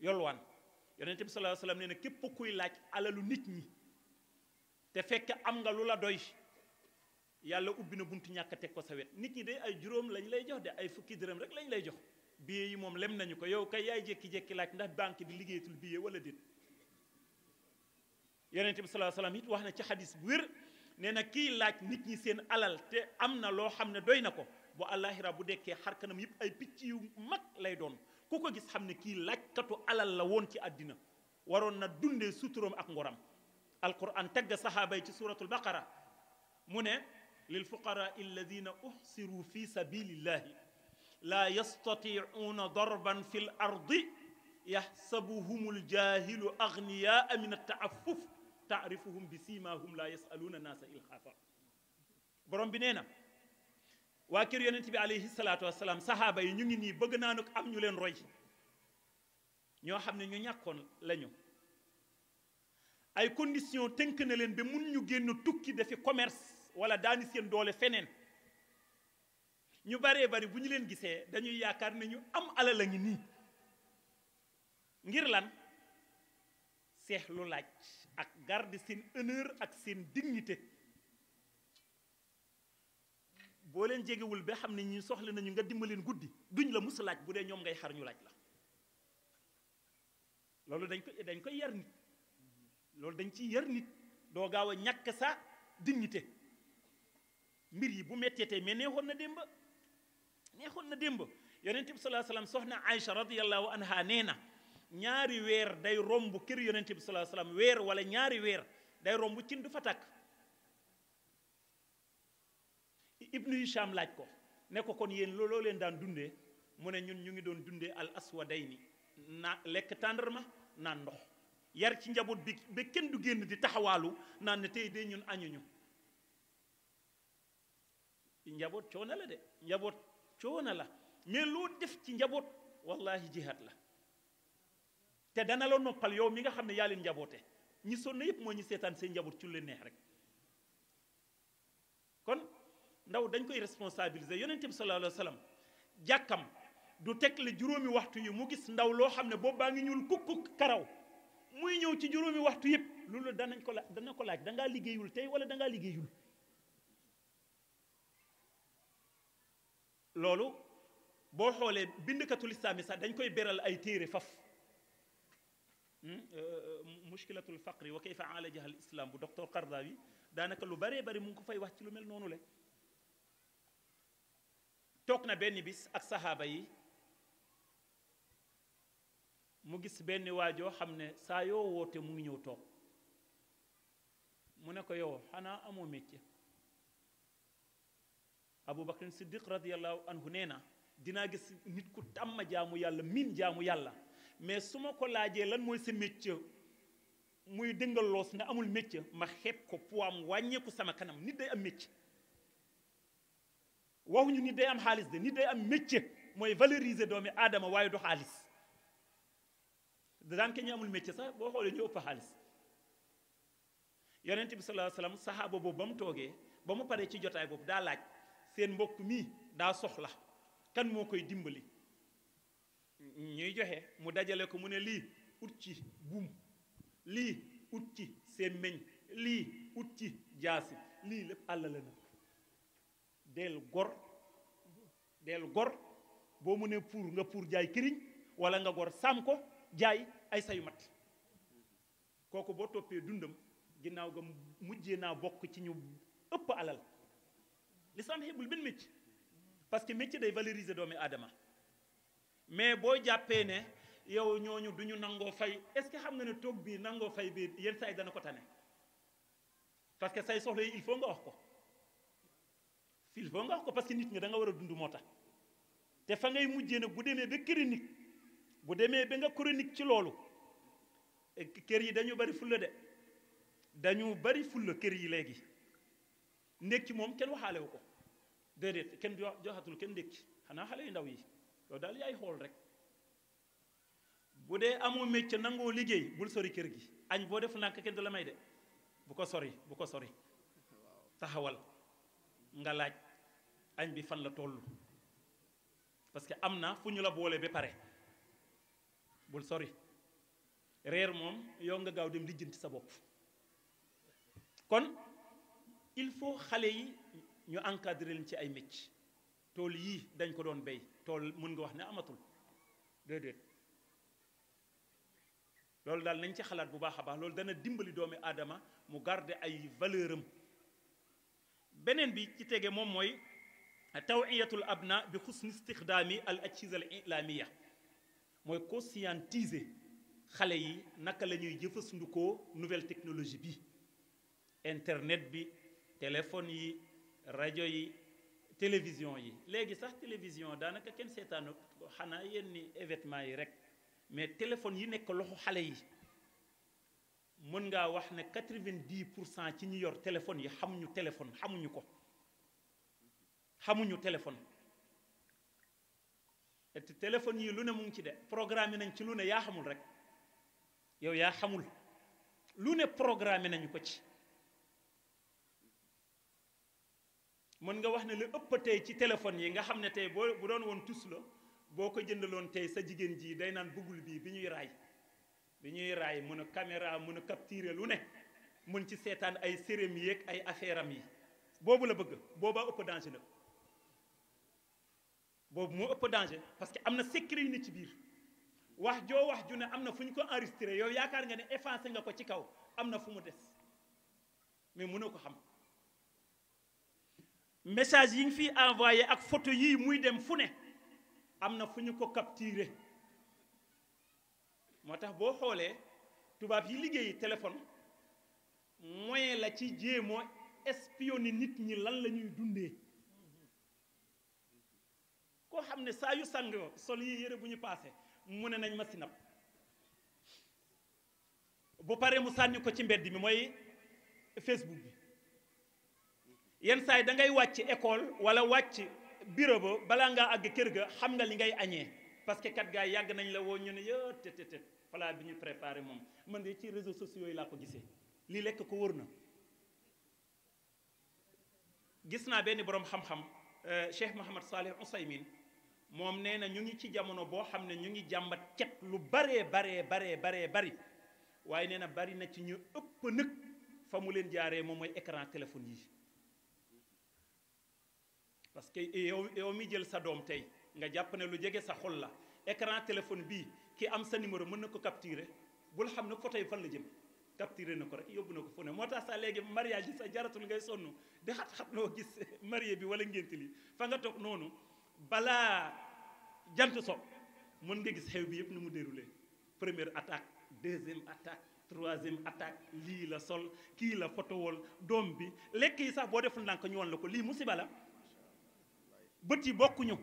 S5: yolwaan yonent bi sallallahu alayhi wasallam nee na képp kuy laaj alalu nit ñi te fekk am nga lu la doy yàlla ubbi na buntu ñàkk ko sa wet nit ñi de ay juróom lañ lay jox de ay fukki dërëm rek lañ lay jox bii yi moom lem nañu ko yow kay yaay jékki-jékki laaj ndax bànk bi liggéeyatul billet wala déet yonent bi sallallahu alayhi wasallam it wax na ci xadis bu wér nee na kii laaj nit ñi seen alal te am na loo xam ne doy na ko bu àllaaxira bu dekkee xar kanam yëpp ay picc yu mag lay doon ku gis xamne ki laj katu alal la won ci adina waron na dundé suturom ak ngoram alquran tagg sahaba ci suratul baqara mune lil fuqara alladhina uhsiru fi sabilillahi la yastati'una darban fil ardi yahsabuhumul jahilu الجاهل min at'affuf ta'rifuhum bisimahum la yas'aluna nasa ilhafa borom bi neena waa kër yonent bi alayhi salaatu saxaaba yi ñu ngi nii bëgg naa nag am ñu leen roy ñoo xam ne ñu ñàkkoon lañu ay condition tënk na leen ba mun ñu génn tukki dafi commerce wala daani seen doole feneen ñu baree bari bu ñu leen gisee dañuy yaakaar ne ñu am alal a ngi nii ngir lan seex laaj ak garde seen honneur ak seen dignité boo leen jegewul ba xam ne ñi soxla nañu nga dimbaleen guddi duñ la mus laaj bu dee ñoom ngay xar ñu laaj la loolu dañ koy dañ koy yar nit loolu dañ ciy yar nit doo gaaw a ñàkk sa dignité mbir yi bu mettee tey mais neexoon na démb neexoon na démb yonent bi salaa salaam soxna Aïcha radiyallahu anha nee na ñaari weer day romb kër yonent bi salaa salaam weer wala ñaari weer day romb cin du fa tàkk ibnu Hisham laaj ko ne ko kon yéen looloo leen daan dundee mu ne ñun ñu ngi doon dundee al ni na lekk tàndarma naan ndox yar ci njaboot bi ba kenn du génn di taxawaalu naan ne tey de ñun añuñu njaboot coono la de njaboot coono la mais loo def ci njaboot wallahi jihaat la te dana la noppal yow mi nga xam ne yaa leen njaboote ñi sonn yëpp moo ñu seetaan seen njaboot ci lu leen neex rek ndaw dañ koy responsabiliser yonente bi sallallahu alayhi wa sallam jàkkam du teg le juróomi waxtu yi mu gis ndaw loo xam ne boobu baa ngi ñuul kukkuk karaw muy ñëw ci juróomi waxtu yëpp loolu danañ ko laaj dana ko laaj da liggéeyul tey wala dangaa ngaa liggéeyul loolu boo xoolee bindkatul islaam yi sax dañ koy beral ay téere faf hmm? euh, euh, mushkilatul faqri wa kayfa alajaha al islam bu docteur Qardawi daanaka lu baree bari mu ngi ko fay wax ci lu mel noonu le toog na benn bis ak saxaaba yi mu gis benn waajoo xam ne saa yoo woote mu ngi ñëw toog mu ne ko yow xanaa amoo métier abubakar siddiq radiallahu anhu nee na dinaa gis nit ku tàmm jaamu yàlla min jaamu yàlla mais su ma ko laajee lan mooy sa métier muy dëngal loos nga amul métier ma xeeb ko poids am wàññeeku sama kanam nit day am métier waxuñu nit day am xaalis de nit day am métier mooy valoriser doomi aadama waaye du xaalis daanaka ñu amul métier sax boo xoolee ñu ëpp xaalis yonent bi sallallahu alayhi wasallam saxaaba boobu ba mu toogee ba mu paree ci jotaay boobu daa laaj seen mbokk mii daa soxla kan moo koy dimbali ñuy joxe mu dajale ko mu ne lii ut ci buum lii ut ci seen meñ lii ut ci jaasi lii lépp àll na del gor del gor boo mu mënee pour nga pour jaay këriñ wala nga gor saam ko jaay ay sayu mat kooku boo toppee dundam ginnaaw ga mujjee naa bokk ci ñu ëpp alal lislaam xeebul benn métier parce que métier day valoriser doomi aadama mais boo jàppee ne yow ñooñu du ñu nangoo fay est-ce que xam nga ne toog bii nangoo fay bii yenn saa yi dana ko tane parce que say soxla yi il faut nga wax ko il faut nga wax ko parce que nit nga da nga war a dund moo tax te fa ngay mujjee nag bu demee ba chronique bu demee ba nga chronique ci loolu kër yi dañu bari fulla de dañu bari fulla kër yi léegi ndékki moom kenn waxaalewu ko déedéet kenn joxatul kenn ndékki xanaa xale yu ndaw yi loolu daal yaay xool rek bu dee amoo métier nangoo liggéey bul sori kër gi añ boo def nànk kenn du la may de bu ko sori bu ko sori taxawal nga laaj añ bi fan la toll parce que am na fu ñu la boole ba pare bul sori reer moom yow nga gaaw dem lijjanti sa bopp kon il faut xale yi ñu encadrer leen ci ay métier tool yii dañ ko doon béy tool mën nga wax ne amatul déedéet loolu daal nañ ci xalaat bu baax a baax loolu dana dimbali doomi aadama mu garder ay valeur am beneen bi ci tege moom mooy توعية الأبناء بخصوص استخدام الأجهزة الإعلامية موي كونسيانتيزي خالي ناك لا نيو يفسندوكو نوفيل تكنولوجي بي انترنت بي تليفون يي راديو يي تلفزيون يي لغي صح تلفزيون دانكا كين سيتانو خانا يني ايفيتمان يي ريك مي تليفون يي نيك لوخو خالي يي مونغا واخنا 90% سي نيو يور تليفون يي خامنيو تليفون خامنيو كو xamuñu téléphone te téléphone yi lu ne mu ngi ci de programme nañ ci lu ne yaa xamul rek yow yaa xamul lu ne programme nañu ko ci mën nga wax ne lu ëpp tey ci téléphone yi nga xam ne tey boo bu doon woon tus la boo ko jëndaloon tey sa jigéen ji day naan bëggul bii bi ñuy raay bi ñuy raay mën a caméra mën a capturer lu ne mën ci seetaan ay séréem yeeg ay affaire am yi boobu la bëgg boobaa ëpp danger la boobu moo ëpp danger parce que am na secret yu ne ci biir wax joo wax ju ne am na fu ñu ko enristure yow yaakaar nga ne effacé nga ko ci kaw am na fu mu des mais mënoo ko xam message yi nga fiy envoyé ak photo yii muy dem fu ne am na fu ñu ko capturé moo tax boo xoolee tubaab yi liggéey téléphone moyen la ci jéemoo espionner nit ñi lan la ñuy dundee koo xam ne saa yu sangoo sol yi yére bu ñu paase mu ne nañ ma sinap bu paree mu sànni ko ci mbedd mi mooy facebook bi yenn saa yi da ngay wàcc école wala wàcc bureau ba balaa ngaa àgg kër ga xam nga li ngay añee parce que kat gaa yàgg nañ la woo ñu ne yë te te bi ñu préparé moom mën de ci réseau sociaux yi laa ko gisee lii lekk ko wër na gis naa benn boroom xam-xam euh, Cheikh Mouhamed Salih Ousaymin moom nee na ñu ngi ci jamono boo xam ne ñu ngi jàmbat cet lu baree baree baree baree bari waaye nee na bari na ci ñu ëpp nag fa mu leen jaaree moom mooy écran téléphone yi parce que yow yow mi jël sa doom tey nga jàpp ne lu jege sa xol la écran téléphone bii ki am sa numéro mën na ko capturer bul xam ne photo fan la jëm capturer na ko rek yóbbu na ko fu ne moo tax sax léegi mariage yi sa jaratul ngay sonn di xat-xat loo gis marié bi wala ngénte li fa nga toog noonu balaa jant so mën nga gis xew bi yëpp ni mu déroulé première attaque deuxième attaque troisième attaque lii la sol kii la fotowool doom bi lekk yi sax boo deful ndànk ñu won la ko lii musiba la bët yi bokkuñu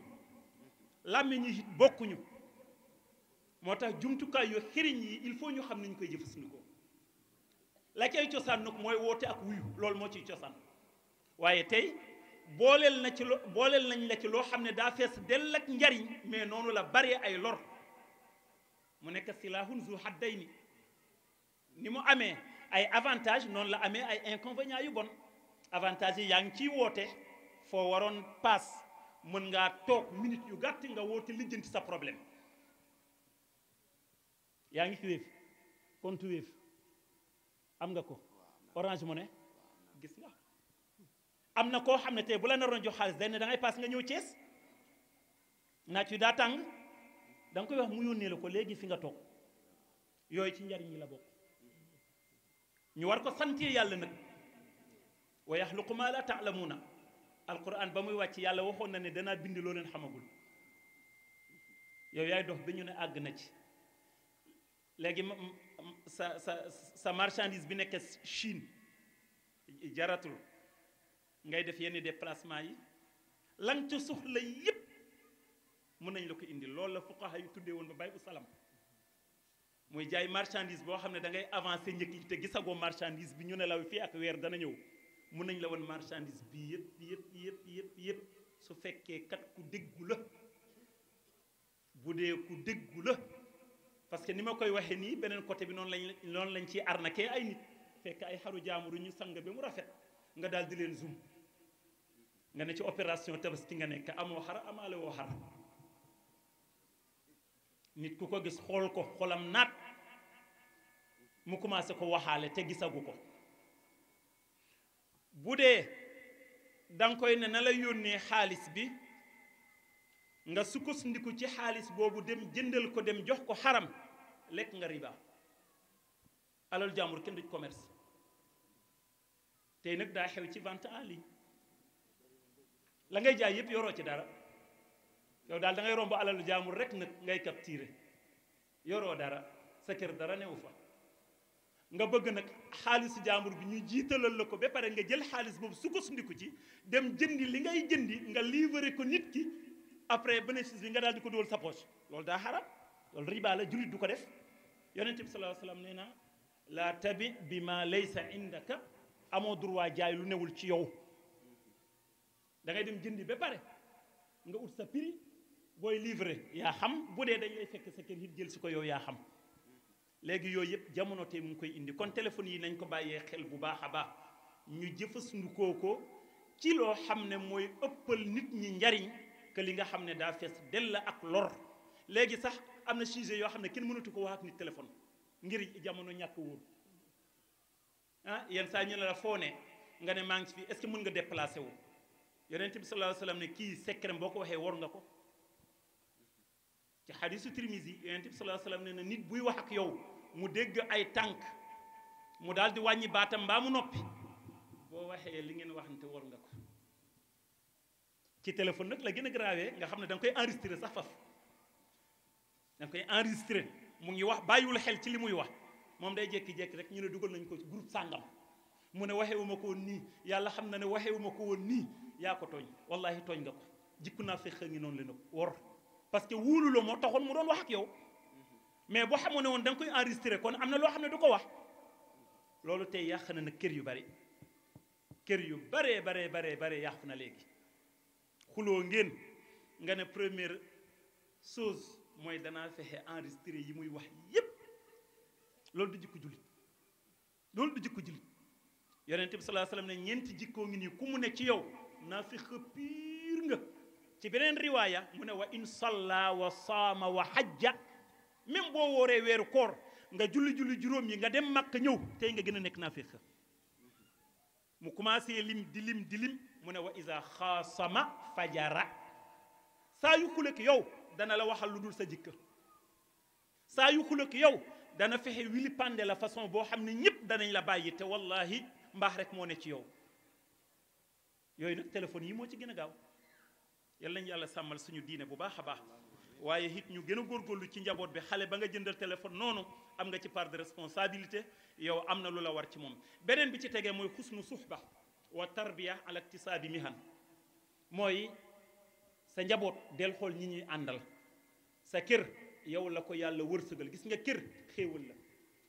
S5: làmmiñ yi bokkuñu moo tax jumtukaay yu xiriñ yi il faut ñu xam ni ñu koy jëfandikoo la cay cosaan nag mooy woote ak wuyu loolu moo ciy cosaan waaye tey booleel na booleel nañ la ci loo xam ne daa fees dell ak njariñ mais noonu la bare ay lor mu nekk silahun zu haddayni ni mu amee ay avantage noonu la amee ay inconvénients yu bon avantage yi yaa ngi ciy woote foo waroon paas mën nga toog minute yu gàtt nga woote lijjanti sa problème yaa ngi ci Wave compte Wave am nga ko Orange Money gis am na koo xam ne tey bu la naroon jox xaalis day ne da ngay paas nga ñëw Thiès naaj wi daa tàng danga koy wax mu yónnee la ko léegi fi nga toog yooyu ci njariñ yi la bokk ñu war ko santee yàlla nag wa yaxluqu ma la na alquran ba muy wàcc yàlla waxoon na ne danaa bind loo ne xamagul yow yaay dox bi ñu ne àgg na ci léegi sa sa sa marchandise bi nekk Chine jaratul ngay def yenn déplacement yi lan ca la yépp mën nañ la ko indi loolu la fuqaha yu tuddee woon ba bay u salam muy jaay marchandise boo xam ne dangay ngay avancé njëkk yi te gisagoo marchandise bi ñu ne la fii ak weer dana ñëw mun nañ la woon marchandise bi yëpp yëpp yëpp yëpp yëpp su fekkee kat ku déggu la bu dee ku déggu la parce que ni ma koy waxee nii beneen côté bi noonu lañ noonu lañ ciy arnaqué ay nit fekk ay xaru jaamuru ñu sang bi mu rafet nga daal di leen nga ne ci opération tabaski nga nekk amoo xar amaale woo xar nit ku ko gis xool ko xoolam naat mu commencé ko waxaale te gisagu ko bu dee danga koy ne na la yónnee xaalis bi nga su sukkandiku ci xaalis boobu dem jëndal ko dem jox ko xaram lekk nga riba alal jàmbur kenn du commerce tey nag daa xew ci vente en ligne la ngay jaay yëpp yoroo ci dara yow daal da romb alalu jaamur rek nag ngay capturé yoroo dara sa kër dara new fa nga bëgg nag xaalisu jaambur bi ñu jiitalal la ko ba pare nga jël xaalis boobu su ko sundiku ci dem jëndi li ngay jëndi nga livré ko nit ki après bénéfice bi nga daal di ko dugal sa poche loolu daa xaram loolu riba la jullit du ko def yonent bi sallallahu alayhi wasallam nee na laa tabi bi ma laysa indaka amoo droit jaay lu newul ci yow da ngay dem jëndi ba pare nga ut sa prix booy livrer yaa xam bu dee dañ lay fekk sa kër it jël si ko yow yaa xam léegi yooyu yëpp jamono tey mu koy indi kon téléphone yi nañ ko bàyyee xel bu baax a baax ñu jëfandikoo ko ci loo xam ne mooy ëppal nit ñi njariñ que li nga xam ne daa fees dell ak lor léegi sax am na sujet yoo xam ne kenn mënatu ko wax ak nit téléphone ngir jamono ñàkk wóor ah yenn saa ñu ne la foo ne nga ne maa ngi fi est-ce mën nga déplacé wu. yonent bi sallallahu alayhi wa sallam ne kii secret boo ko waxee wor nga ko ci xadisu Tirmisi yonent bi sallallahu alayhi wa sallam ne nit buy wax ak yow mu dégg ay tànk mu daal di wàññi baatam mbaa mu noppi boo waxee li ngeen waxante wor nga ko ci téléphone nag la gën a gravé nga xam ne da koy enregistré sax faf da koy enristre mu ngi wax bàyyiwul xel ci li muy wax moom day jékki-jékki rek ñu ne dugal nañ ko ci groupe sàngam mu ne waxewu ko woon nii yàlla xam na ne waxewu ma ko woon nii yaa ko tooñ wallahi tooñ nga ko jikku naa fekk ngi noonu leen wor parce que wóolu la moo taxoon mu doon wax ak yow mais boo xamoo ne woon da nga koy enregistré kon am na loo xam ne du ko wax loolu tey yàq na na kër yu bari kër yu baree baree baree baree yàqu na léegi xuloo ngeen nga ne première sos mooy danaa fexe enregistré yi muy wax yépp loolu du jikko jullit loolu du jikko jullit yonent bi sallallahu alayhi wasallam ne ñeenti jikkoo ngi nii ku mu nekk ci yow naafiq piir nga ci beneen riwaaya mu ne wa in salla wa saama wa hajja même boo wooree weeru koor nga julli julli juróom yi nga dem màkk ñëw tey nga gën a nekk mu commencé lim di lim mu ne wa isa xaasama fajara saa yu xulek yow dana la waxal lu dul sa jikka saa yu xulek yow dana fexe wili pande la façon boo xam ne ñëpp danañ la bàyyi te wallahi mbaax rek moo ne ci yow yooyu nag téléphone yi moo ci gën a gaaw yal nañ yàlla sàmmal suñu diine bu baax a baax waaye it ñu gën a góor góorgóorlu ci njaboot bi xale ba nga jëndal téléphone noonu am nga ci part de responsabilité yow am na lu la war ci moom beneen bi ci tegee mooy xusnu suhba wa tarbiya ala iktisaabi mihan mooy sa njaboot del xool ñi ñuy àndal sa kër yow la ko yàlla wërsëgal gis nga kër xéewal la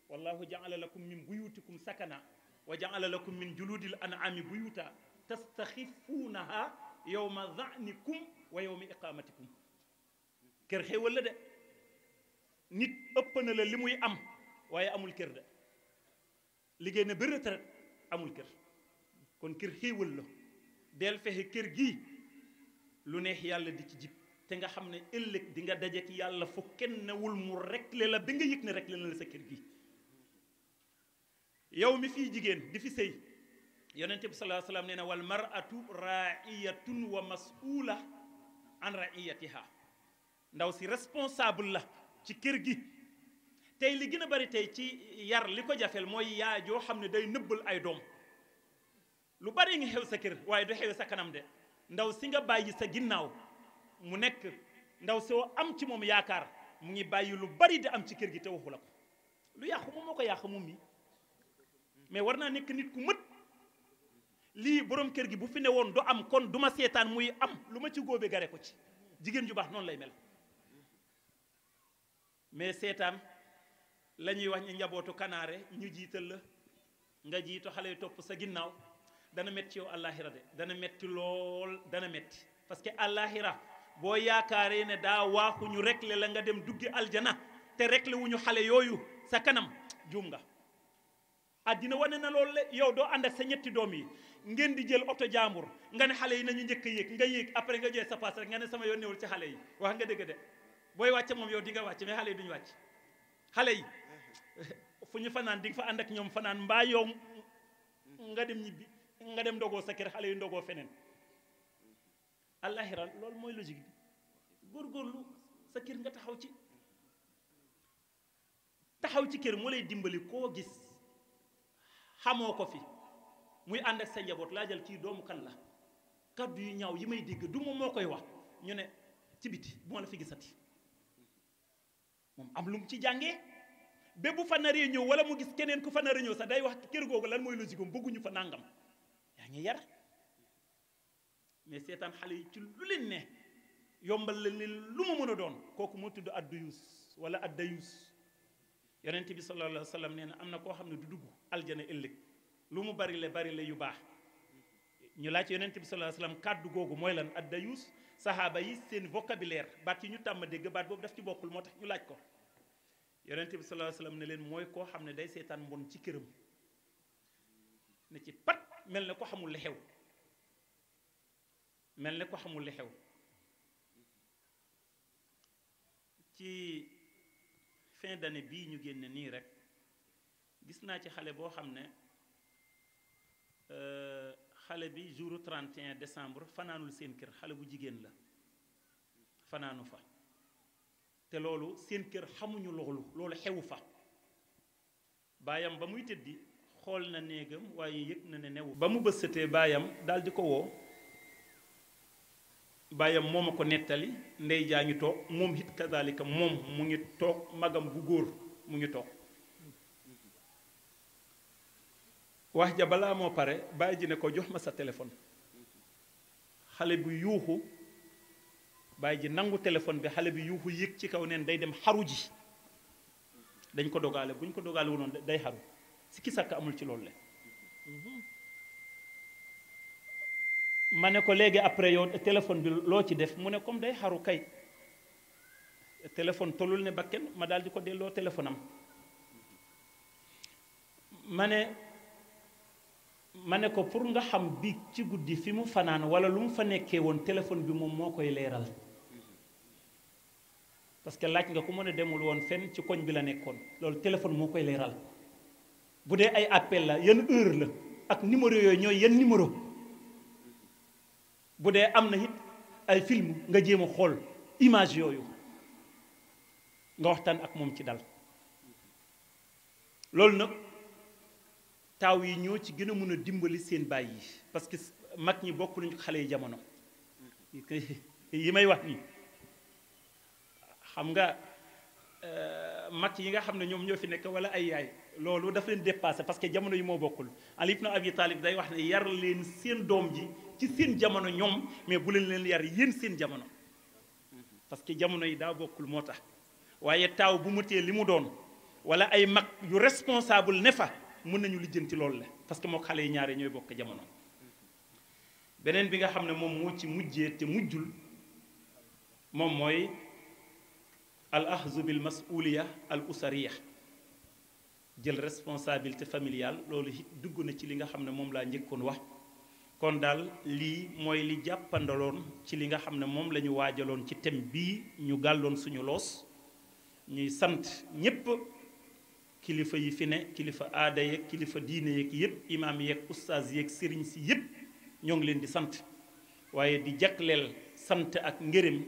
S5: wallahu jaala lakum min buyutikum sakana wa jaala lakum min juludil anami buyuta تستخفونها يوم ظعنكم ويوم إقامتكم كره ولا ده نيت أبنا للموي أم ويا أم الكر ده لجينا برتر أم الكر كون كره ولا دل فيه كر جي لونه هي الله دي تجيب تنجا خمنة إلا دينجا دجاج هي الله فكنا نقول مرك للا بينجا يكنا رك للا سكر جي يوم في جيجين دي في سي yonente bi salaa salaam nee na wal mar'atu raiyatun wa mas'ula an raiyatiha ndaw si responsable la ci kër gi tey li gën a bari tey ci yar li ko jafeel mooy yaay joo xam ne day nëbbal ay doom lu bari nga xew sa kër waaye du xew sa kanam de ndaw si nga bàyyi sa ginnaaw mu nekk ndaw soo am ci moom yaakaar mu ngi bàyyi lu bari di am ci kër gi te waxu la ko lu yàqu moo ko yàq moom mais war naa nekk nit ku mët lii borom kër gi bu fi ne woon du am kon du ma seetaan muy am lu ma ci góobe gare ko ci jigéen ju baax noonu lay mel mais seetaan la ñuy wax ñi njabootu kanaare ñu jiital la nga jiito xale yu topp sa ginnaaw dana metti yow àllaaxira de dana metti lool dana metti parce que àllaaxira boo yaakaaree ne daa waaxuñu rekle la nga dem duggi aljana te rekle wuñu xale yooyu sa kanam juum nga àddina wane na loolu la yow doo ànd ak sa ñetti doom yi ngeen di jël oto jaambur nga ne xale yi nañu njëkk a yéeg nga yéeg après nga jël sa paas rek nga ne sama yoon newul ci xale yi wax nga dëgg de booy wàcce moom yow di nga wàcc mais xale duñu wàcc xale yi <laughs> fu ñu fanaan di fa ànd ak ñoom fanaan mbaa yow nga dem ñibbi nga dem ndogoo sa kër xale yu ndogoo feneen allahiral loolu mooy logique bi góorgóorlu sa kër nga taxaw ci taxaw ci kër moo lay dimbali koo gis xamoo ko fi muy ànd ak sa njaboot laa jël kii doomu kan la kaddu yu ñaaw yi may dégg du moom moo koy wax ñu ne ci biti bu ma la fi gisati moom am lu mu ci jàngee bu fa naree ñëw wala mu gis keneen ku fa naree ñëw sax day wax kër googu lan mooy logique am bëgguñu fa nàngam yaa ngi yar mais seetaan xale yi ci lu leen ne yombal la leen lu mu mën a doon kooku moo tudd adduyus wala addayus yonent bi sallallahu alayhi wa nee na am na koo xam ne du dugg aljana ëllëg lu mu bari le bari la yu baax ñu laaj yonent bi sallallahu alayhi kàddu googu mooy lan addayus sahaaba yi seen vocabulaire baat yi ñu tàmm dégg baat boobu daf ci bokkul moo tax ñu laaj ko yonent bi sallallahu alayhi ne leen mooy koo xam ne day seetaan mbon ci këram ne ci pat mel na ko xamul li xew mel na ko xamul li ci fin d'année bii ñu génne nii rek gis naa ci xale boo xam ne euh, xale bi jour 31 decembre fanaanul seen kër xale bu jigéen la fanaanu fa te loolu seen kër xamuñu loolu loolu xewu fa baayam ba muy tëddi xool na néegam waaye yëg na ne newu ba mu bësatee baayam daal di ko woo bàyyam moom a ko nettali ndey jaa tok toog moom it kazalika moom mu ngi toog magam bu góor mu ngi toog wax ja balaa moo pare bàyyi ji ne ko jox ma sa téléphone xale bi yuuxu bàyyi ji nangu téléphone bi xale bi yuuxu yëg ci kaw neen day dem xaru ji dañ ko dogaale buñ ko dogaale wonon day xaru si kisaka amul ci loolu le ma ne ko léegi après yoon téléphone bi loo ci def mu ne comme day xaru kay téléphone tolul ne bakken ma daal di ko delloo téléphone am ma ne ma ne ko pour nga xam biig ci guddi fi mu fanaan wala lu mu fa nekkee woon téléphone bi moom moo koy leeral parce que laaj nga ku mën a demul woon fenn ci koñ bi la nekkoon loolu téléphone moo koy leeral bu dee ay appel la yan heure la ak numéro yooyu ñooy yenn numéro bu dee am na it ay film nga jéem a xool image yooyu nga waxtaan ak moom ci dal loolu nag taaw yi ñoo ci gën a mën a dimbali seen baay yi parce que mag ñi bokk nañu xale yi jamono <laughs> yi may wax nii xam nga euh, mag yi nga xam ne ñoom ñoo fi nekk walla ay yaay loolu daf leen dépassé parce que jamono yi moo bokkul Ali ibn Abi Talib day wax ne yar leen seen doom ji ci seen jamono ñoom mais bu leen leen yar yéen seen jamono parce que jamono yi daa bokkul moo tax waaye taaw bu mu tee li mu doon wala ay mag yu responsable ne fa mën nañu lijjanti loolu la parce que moo xale yi ñaare ñooy bokk jamono beneen bi nga xam ne moom moo ci mujjee te mujjul moom mooy al ahzu bil masuliya al usariya jël responsabilité familiale loolu dugg na ci li nga xam ne moom laa njëkkoon wax kon daal lii mooy li jàppandaloon ci li nga xam ne moom la ñu waajaloon ci thème bii ñu gàlloon suñu loos ñuy sant ñépp kilifa yi fi ne kilifa aada yeeg kilifa diine yeeg yëpp imaam yeeg oustaz yeeg sëriñ si yëpp ñoo ngi leen di sant waaye di jagleel sant ak ngërëm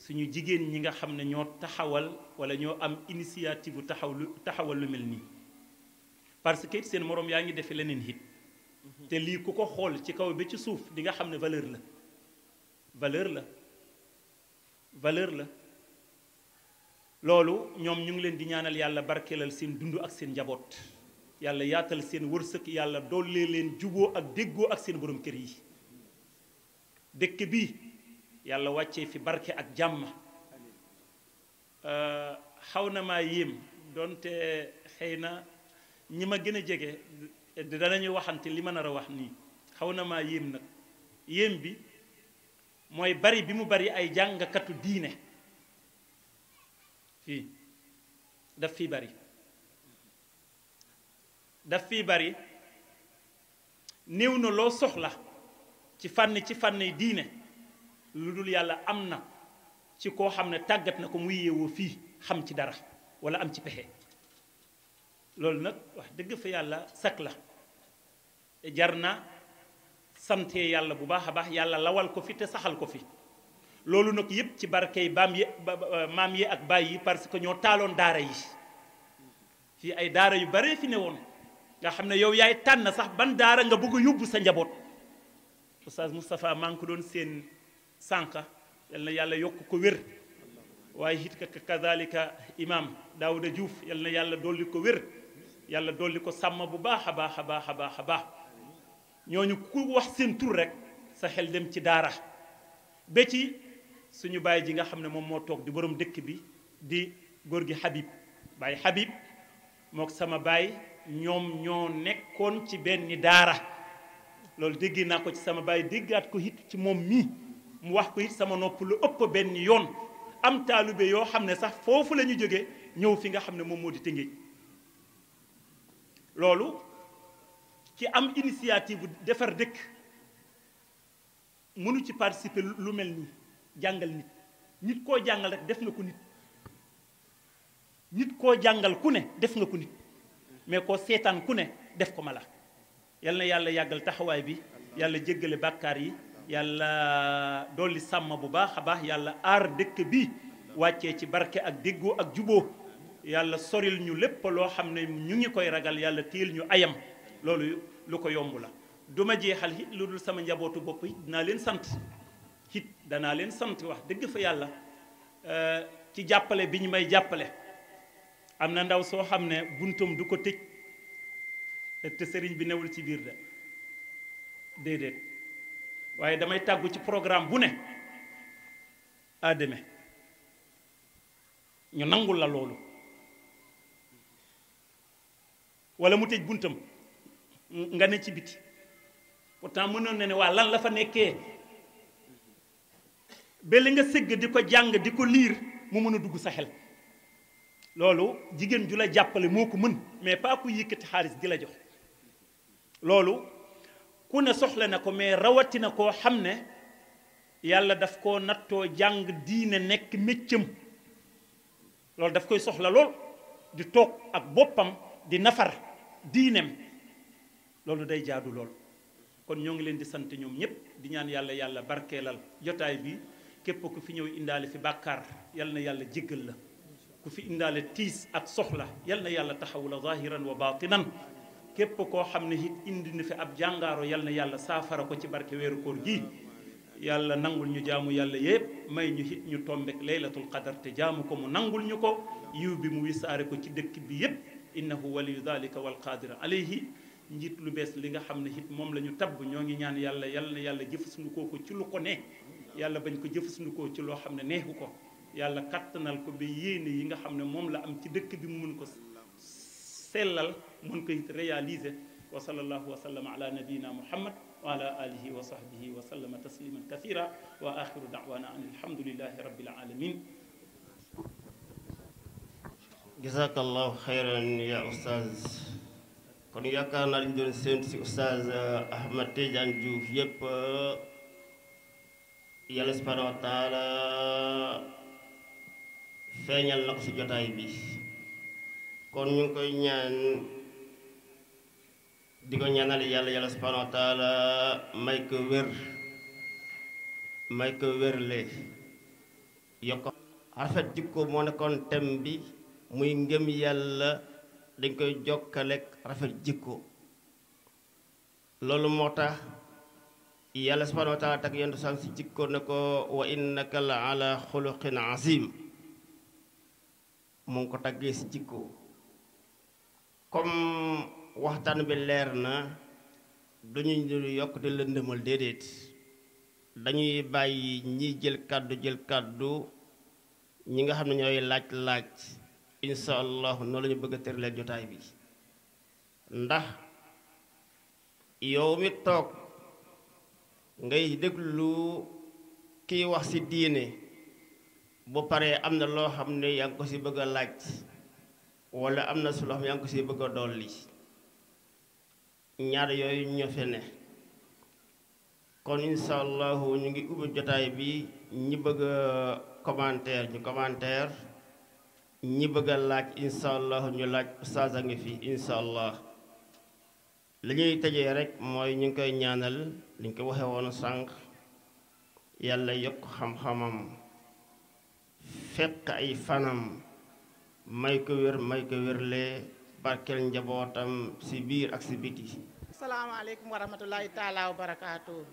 S5: suñu jigéen ñi nga xam ne ñoo taxawal wala ñoo am initiative bu taxaw lu taxawal lu mel nii parce que seen moroom yaa ngi defe leneen hit te lii ku ko xool ci kaw bi ci suuf di nga xam ne valeur la valeur la valeur la loolu ñoom ñu ngi leen di ñaanal yàlla barkeelal seen dund ak seen njaboot yàlla yaatal seen wërsëg yàlla doole leen juboo ak déggoo ak seen borom kër yi dëkk bi yàlla wàccee fi barke ak jàmm euh, xaw na maa yéem doonte xëy na ñi ma gën a jege danañu waxante li ma nar a wax nii xaw na maa yéem nag yéem bi mooy bari bi mu bari ay jàngkatu diine fii daf bari daf fi bari néew na loo soxla ci fànn ci fànn diine lu dul yàlla am na ci koo xam ne tàggat na ko mu yeewoo fii xam ci dara wala am ci pexe loolu nag wax dëgg fa yàlla sak la jar na sante yàlla bu baax a baax yàlla lawal ko fi te saxal ko fi loolu nag yëpp ci barkey baam ye maam yi ak baay yi parce que ñoo taaloon daara yi fii ay daara yu bare fi ne woon nga xam ne yow yaay tànn sax ban daara nga bëgg a yóbbu sa njaboot Oustaz Moustapha maa ngi ko doon seen sànqa yal na yàlla yokk ko wér waaye hit ka kazalika imam daawuda diouf yal na yàlla dolli ko wér yàlla dolli ko sàmma bu baax a baax a baax a baax a baax ñooñu ku wax seen tur rek sa xel dem ci daara ba ci suñu baay ji nga xam ne moom moo toog di borom dëkk bi di góor gi Habib Baye Habib mook sama baay ñoom ñoo nekkoon ci benn daara loolu dégg naa ko ci sama baay déggaat ko hit ci moom mii mu wax ko it sama nopp lu ëpp benn yoon am taalibe yoo xam ne sax foofu la ñu jógee ñëw fi nga xam ne moom moo di tëngéej loolu ki am initiative defar dëkk mënu ci participer lu mel nii jàngal nit nit koo jàngal rek def nga ko nit nit koo jàngal ku ne def nga ko nit mais koo seetaan ku ne def ko ma la yal na yàlla yàggal taxawaay bi yàlla jéggale bàkkaar yi yàlla dolli sàmm bu baax a baax yàlla aar dëkk bi wàccee ci barke ak déggoo ak juboo yàlla soril ñu lépp loo xam ne ñu ngi koy ragal yàlla tiil ñu ayam loolu lu ko yomb la duma jeexal it lu dul sama njabootu bopp it dinaa leen sant it danaa leen sant wax dëgg fa yàlla ci jàppale bi ñu may jàppale am na ndaw soo xam ne buntam du ko tëj te sëriñ bi newul ci biir de déedéet waaye damay tàggu ci programme bu ne à ñu nangul la loolu wala mu tëj buntam nga ne ci biti pourtant mënoon na ne waa lan la fa nekkee ba li nga sëgg di ko jàng di ko liir mu mën a dugg sa xel loolu jigéen ju la jàppale moo ko mën mais pas ku yëkkati xaalis di la jox loolu kuna soxla na ko mais rawatina koo xam ne yàlla daf ko natto jàng diine nek méccam lol daf koy soxla lol di tok ak bopam di nafar diinem lolou day jaadu lol kon ñoo ngi leen di sant ñoom ñep di ñaan yàlla yàlla barkelal jotaay bi képp ku fi ñëw indaale fi bakkar yalla na yàlla jéggal la ku fi indaale tiis ak soxla yalla na yàlla taxawu zahiran wa batinan képp koo xam ne it indi na fi ab jàngaaro yal na yàlla saafara ko ci barke weeru koor gi yàlla nangul ñu jaamu yàlla yépp may ñu hit ñu tombek laylatul qadar te jaamu ko mu nangul ñu ko yiw bi mu wisaare ko ci dëkk bi yépp innahu waliyu dalika wal qadir alayhi njiit lu bees li nga xam ne hit moom la ñu tabb ñoo ngi ñaan yàlla yal na yàlla jëfasandikoo ko ci lu ko ne yàlla bañ ko jëfasandikoo ci loo xam ne neexu ko yàlla kattanal ko ba yéene yi nga xam ne moom la am ci dëkk bi mun ko sellal mën ko it réaliser wa sallallahu wa sallam ala nabiyina muhammad wa ala alihi wa sahbihi wa sallama tasliman kathira wa akhiru da'wana an alhamdulillahi rabbil alamin
S6: jazakallahu khayran ya oustaz kon yaakaar naa liñ doon séentu si oustaz Ahmed Tidiane Diouf yëpp yàlla subhanahu wa taala feeñal na ko si jotaay bi kon ñu ngi koy ñaan diko ñaanal yalla ya yalla ya subhanahu wa taala may ko wër may ko wérle yokk rafet jikko mo ne kon tem bi muy ngëm yalla dañ koy jokkalek rafet jikko lolu motax yalla ya subhanahu wa taala tak yëndu sang ci jikko ne ko wa innaka la ala xuluqin azim mo ko taggé ci jikko comme waxtaan bi leer na duñu ñu yokkute lëndëmal déedéet dañuy bàyyi ñi jël kàddu jël kàddu ñi nga xam ne ñooy laaj-laaj insha allah noonu la ñu bëgg a jotaay bi ndax yow mi toog ngay déglu kiy wax ci diine bu paree am na loo xam ne yaa ngi ko ci bëgg a laaj wala am na su loo xam ne yaa ngi ko ci bëgg a dolli ñaar yooyu ñoo fi ne kon incha ñu ngi ubbi jotaay bi ñi bëgg a commentaire ñu commentaire ñi bëgga a laaj incha ñu laaj ustaas a ngi fi incha li ñuy tëjee rek mooy ñu ngi koy ñaanal li ñu ko waxee woon sànq yàlla yokk xam-xamam fekk ay fanam may ko wér may ko wérlee barkeel njabootam si biir ak si biti. salaamaaleykum wa rahmatulahi taalaa wa barakaatu.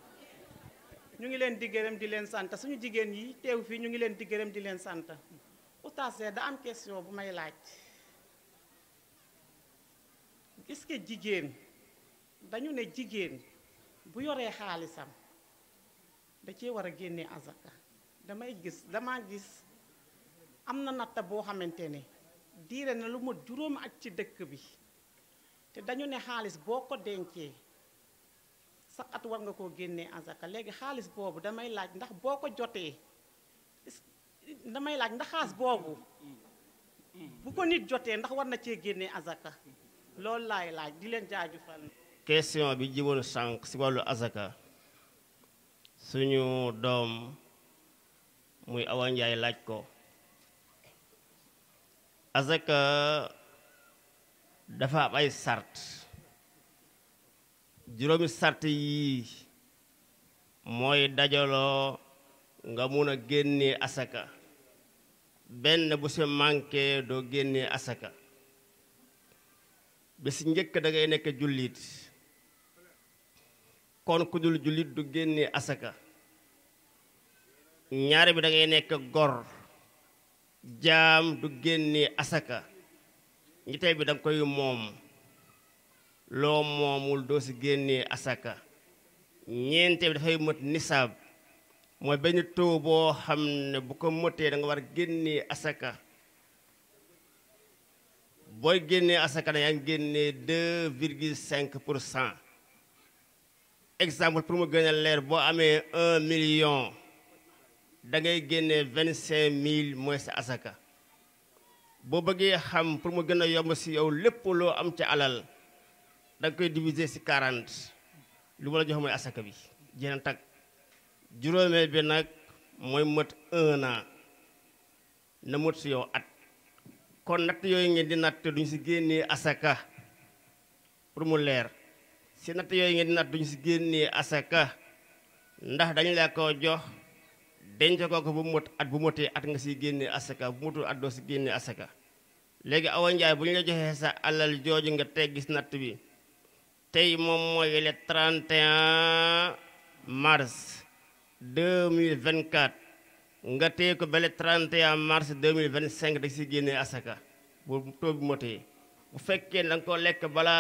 S6: ñu ngi leen di gërëm di leen sant suñu jigéen yi teew fii ñu ngi leen di gërëm di leen sant oustaz da am question bu may laaj est-ce jigéen dañu ne jigéen bu yoree xaalisam da cee war a génnee azaka damay gis damaa gis am na natta boo xamante ne. diire na lu ma juróom at ci dëkk bi te dañu ne xaalis boo ko dencee sa at war nga koo génnee azaka léegi xaalis boobu damay laaj ndax boo ko jotee damay laaj ndax xaalis boobu bu ko nit jotee ndax war na cee génnee asaka loolu laay laaj di leen jaajëfal. question bi jiwoon sànk ci wàllu asaka suñu doom muy awanjaay laaj ko. asaka dafa am ay sart juróomi sart yi moy dajolo nga muna genné asaka Ben bu se manké do genné asaka bi ñeek da ngay nek julit kon ku dul julit du genné asaka ñaar bi da ngay nek gor jaam du génnee asaka ñetteel bi danga koy moom loo moomul doo si génnee asaka ñeenteel bi dafay mët nisaab mooy benn taux boo xam ne bu ko mëtee danga nga war génnee asaka booy génnee asaka da yaa ngi génnee deux virgule cinq pour cent exemple pour mu gën a leer boo amee un million da ngay génnee vingt cinq mille mooy si asaka boo bëggee xam pour mu gën a yomb si yow lépp loo am ca alal da koy diviser si quarante lu ma la jox mooy asaka bi jéneen tag juróomeel bi nag mooy mët un an na mët si yow at kon natt yooyu ngeen di natt duñu si génnee asaka pour mu leer si natt yooyu ngeen di natt duñu si génnee asaka ndax dañu la ko jox denc ko ko bu mot at bu moté at nga si génné asaka bu motul at do si génné asaka légui awa njaay bu ñu la joxé sa alal joju nga gis nat bi tey mom moy le 31 mars 2024 nga téye ko 31 mars 2025 da si génné asaka bu taux bi motee bu fekkee da ko lek bala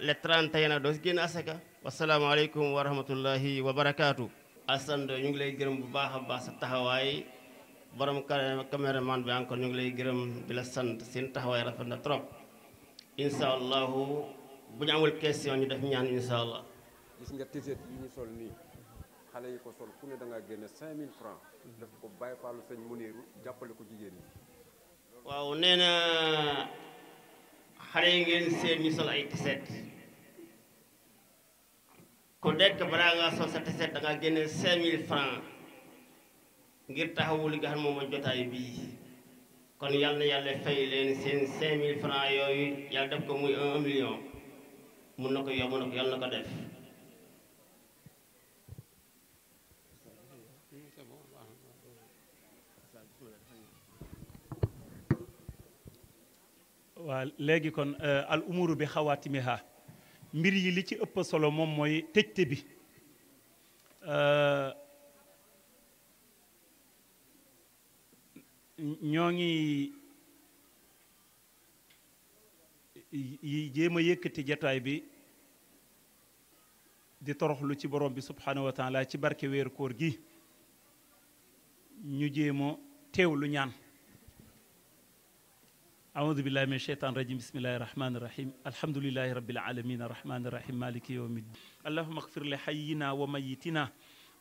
S6: le 31 do si génné asaka wasalaamaaleykum wa rahmatullahi wa Assane ñu ngi lay gërëm bu baax a baax sa taxawaay borom caméraman bi encore ñu ngi lay gërëm di la sant seen taxawaay rafet na trop incha allahu bu ñu amul question ñu def ñaan incha allah.
S4: gis nga tiset yi ñu sol nii xale yi ko sol ku ne da ngaa génne 5000 francs daf ko bàyyi faalu sëñ Muniru jàppale ko jigéen ñi.
S6: waaw nee na xale yi ngeen seen ñu sol ay tiset. كودك براغا 177 داغا ген 5000 فرانك غير تاخو لي غان موما جوتاي بي كون يالنا يالا فاي لين سين 5000 فرانك يوي يال داف كو موي 1 مليون مون نكو يوم نكو يال نكو داف
S5: wa legi kon euh, al umuru bi khawatimha mbir yi li ci ëpp solo moom mooy tëjte bi ñoo ngi yi jéem a yëkkati jataay bi di toroxlu ci borom bi subhanahu wa ci barke weeru koor gi ñu jéema lu ñaan أعوذ بالله من الشيطان الرجيم بسم الله الرحمن الرحيم الحمد لله رب العالمين الرحمن الرحيم مالك يوم الدين اللهم اغفر لحينا وميتنا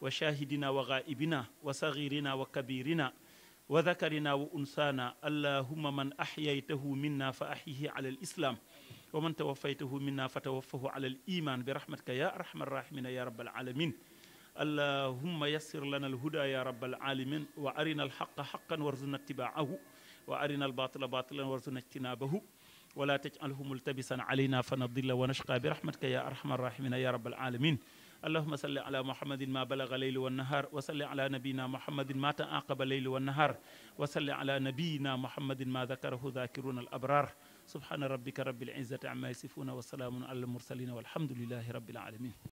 S5: وشاهدنا وغائبنا وصغيرنا وكبيرنا وذكرنا وأنسانا اللهم من أحييته منا فأحيه على الإسلام ومن توفيته منا فتوفه على الإيمان برحمتك يا أرحم الراحمين يا رب العالمين اللهم يسر لنا الهدى يا رب العالمين وأرنا الحق حقا وارزنا اتباعه وأرنا الباطل باطلا وارزقنا اجتنابه ولا تجعله ملتبسا علينا فنضل ونشقى برحمتك يا أرحم الراحمين يا رب العالمين اللهم صل على محمد ما بلغ ليل والنهار وصل على نبينا محمد ما تعاقب ليل والنهار وصل على نبينا محمد ما ذكره ذاكرون الأبرار سبحان ربك رب العزة عما يصفون وسلام على المرسلين والحمد لله رب العالمين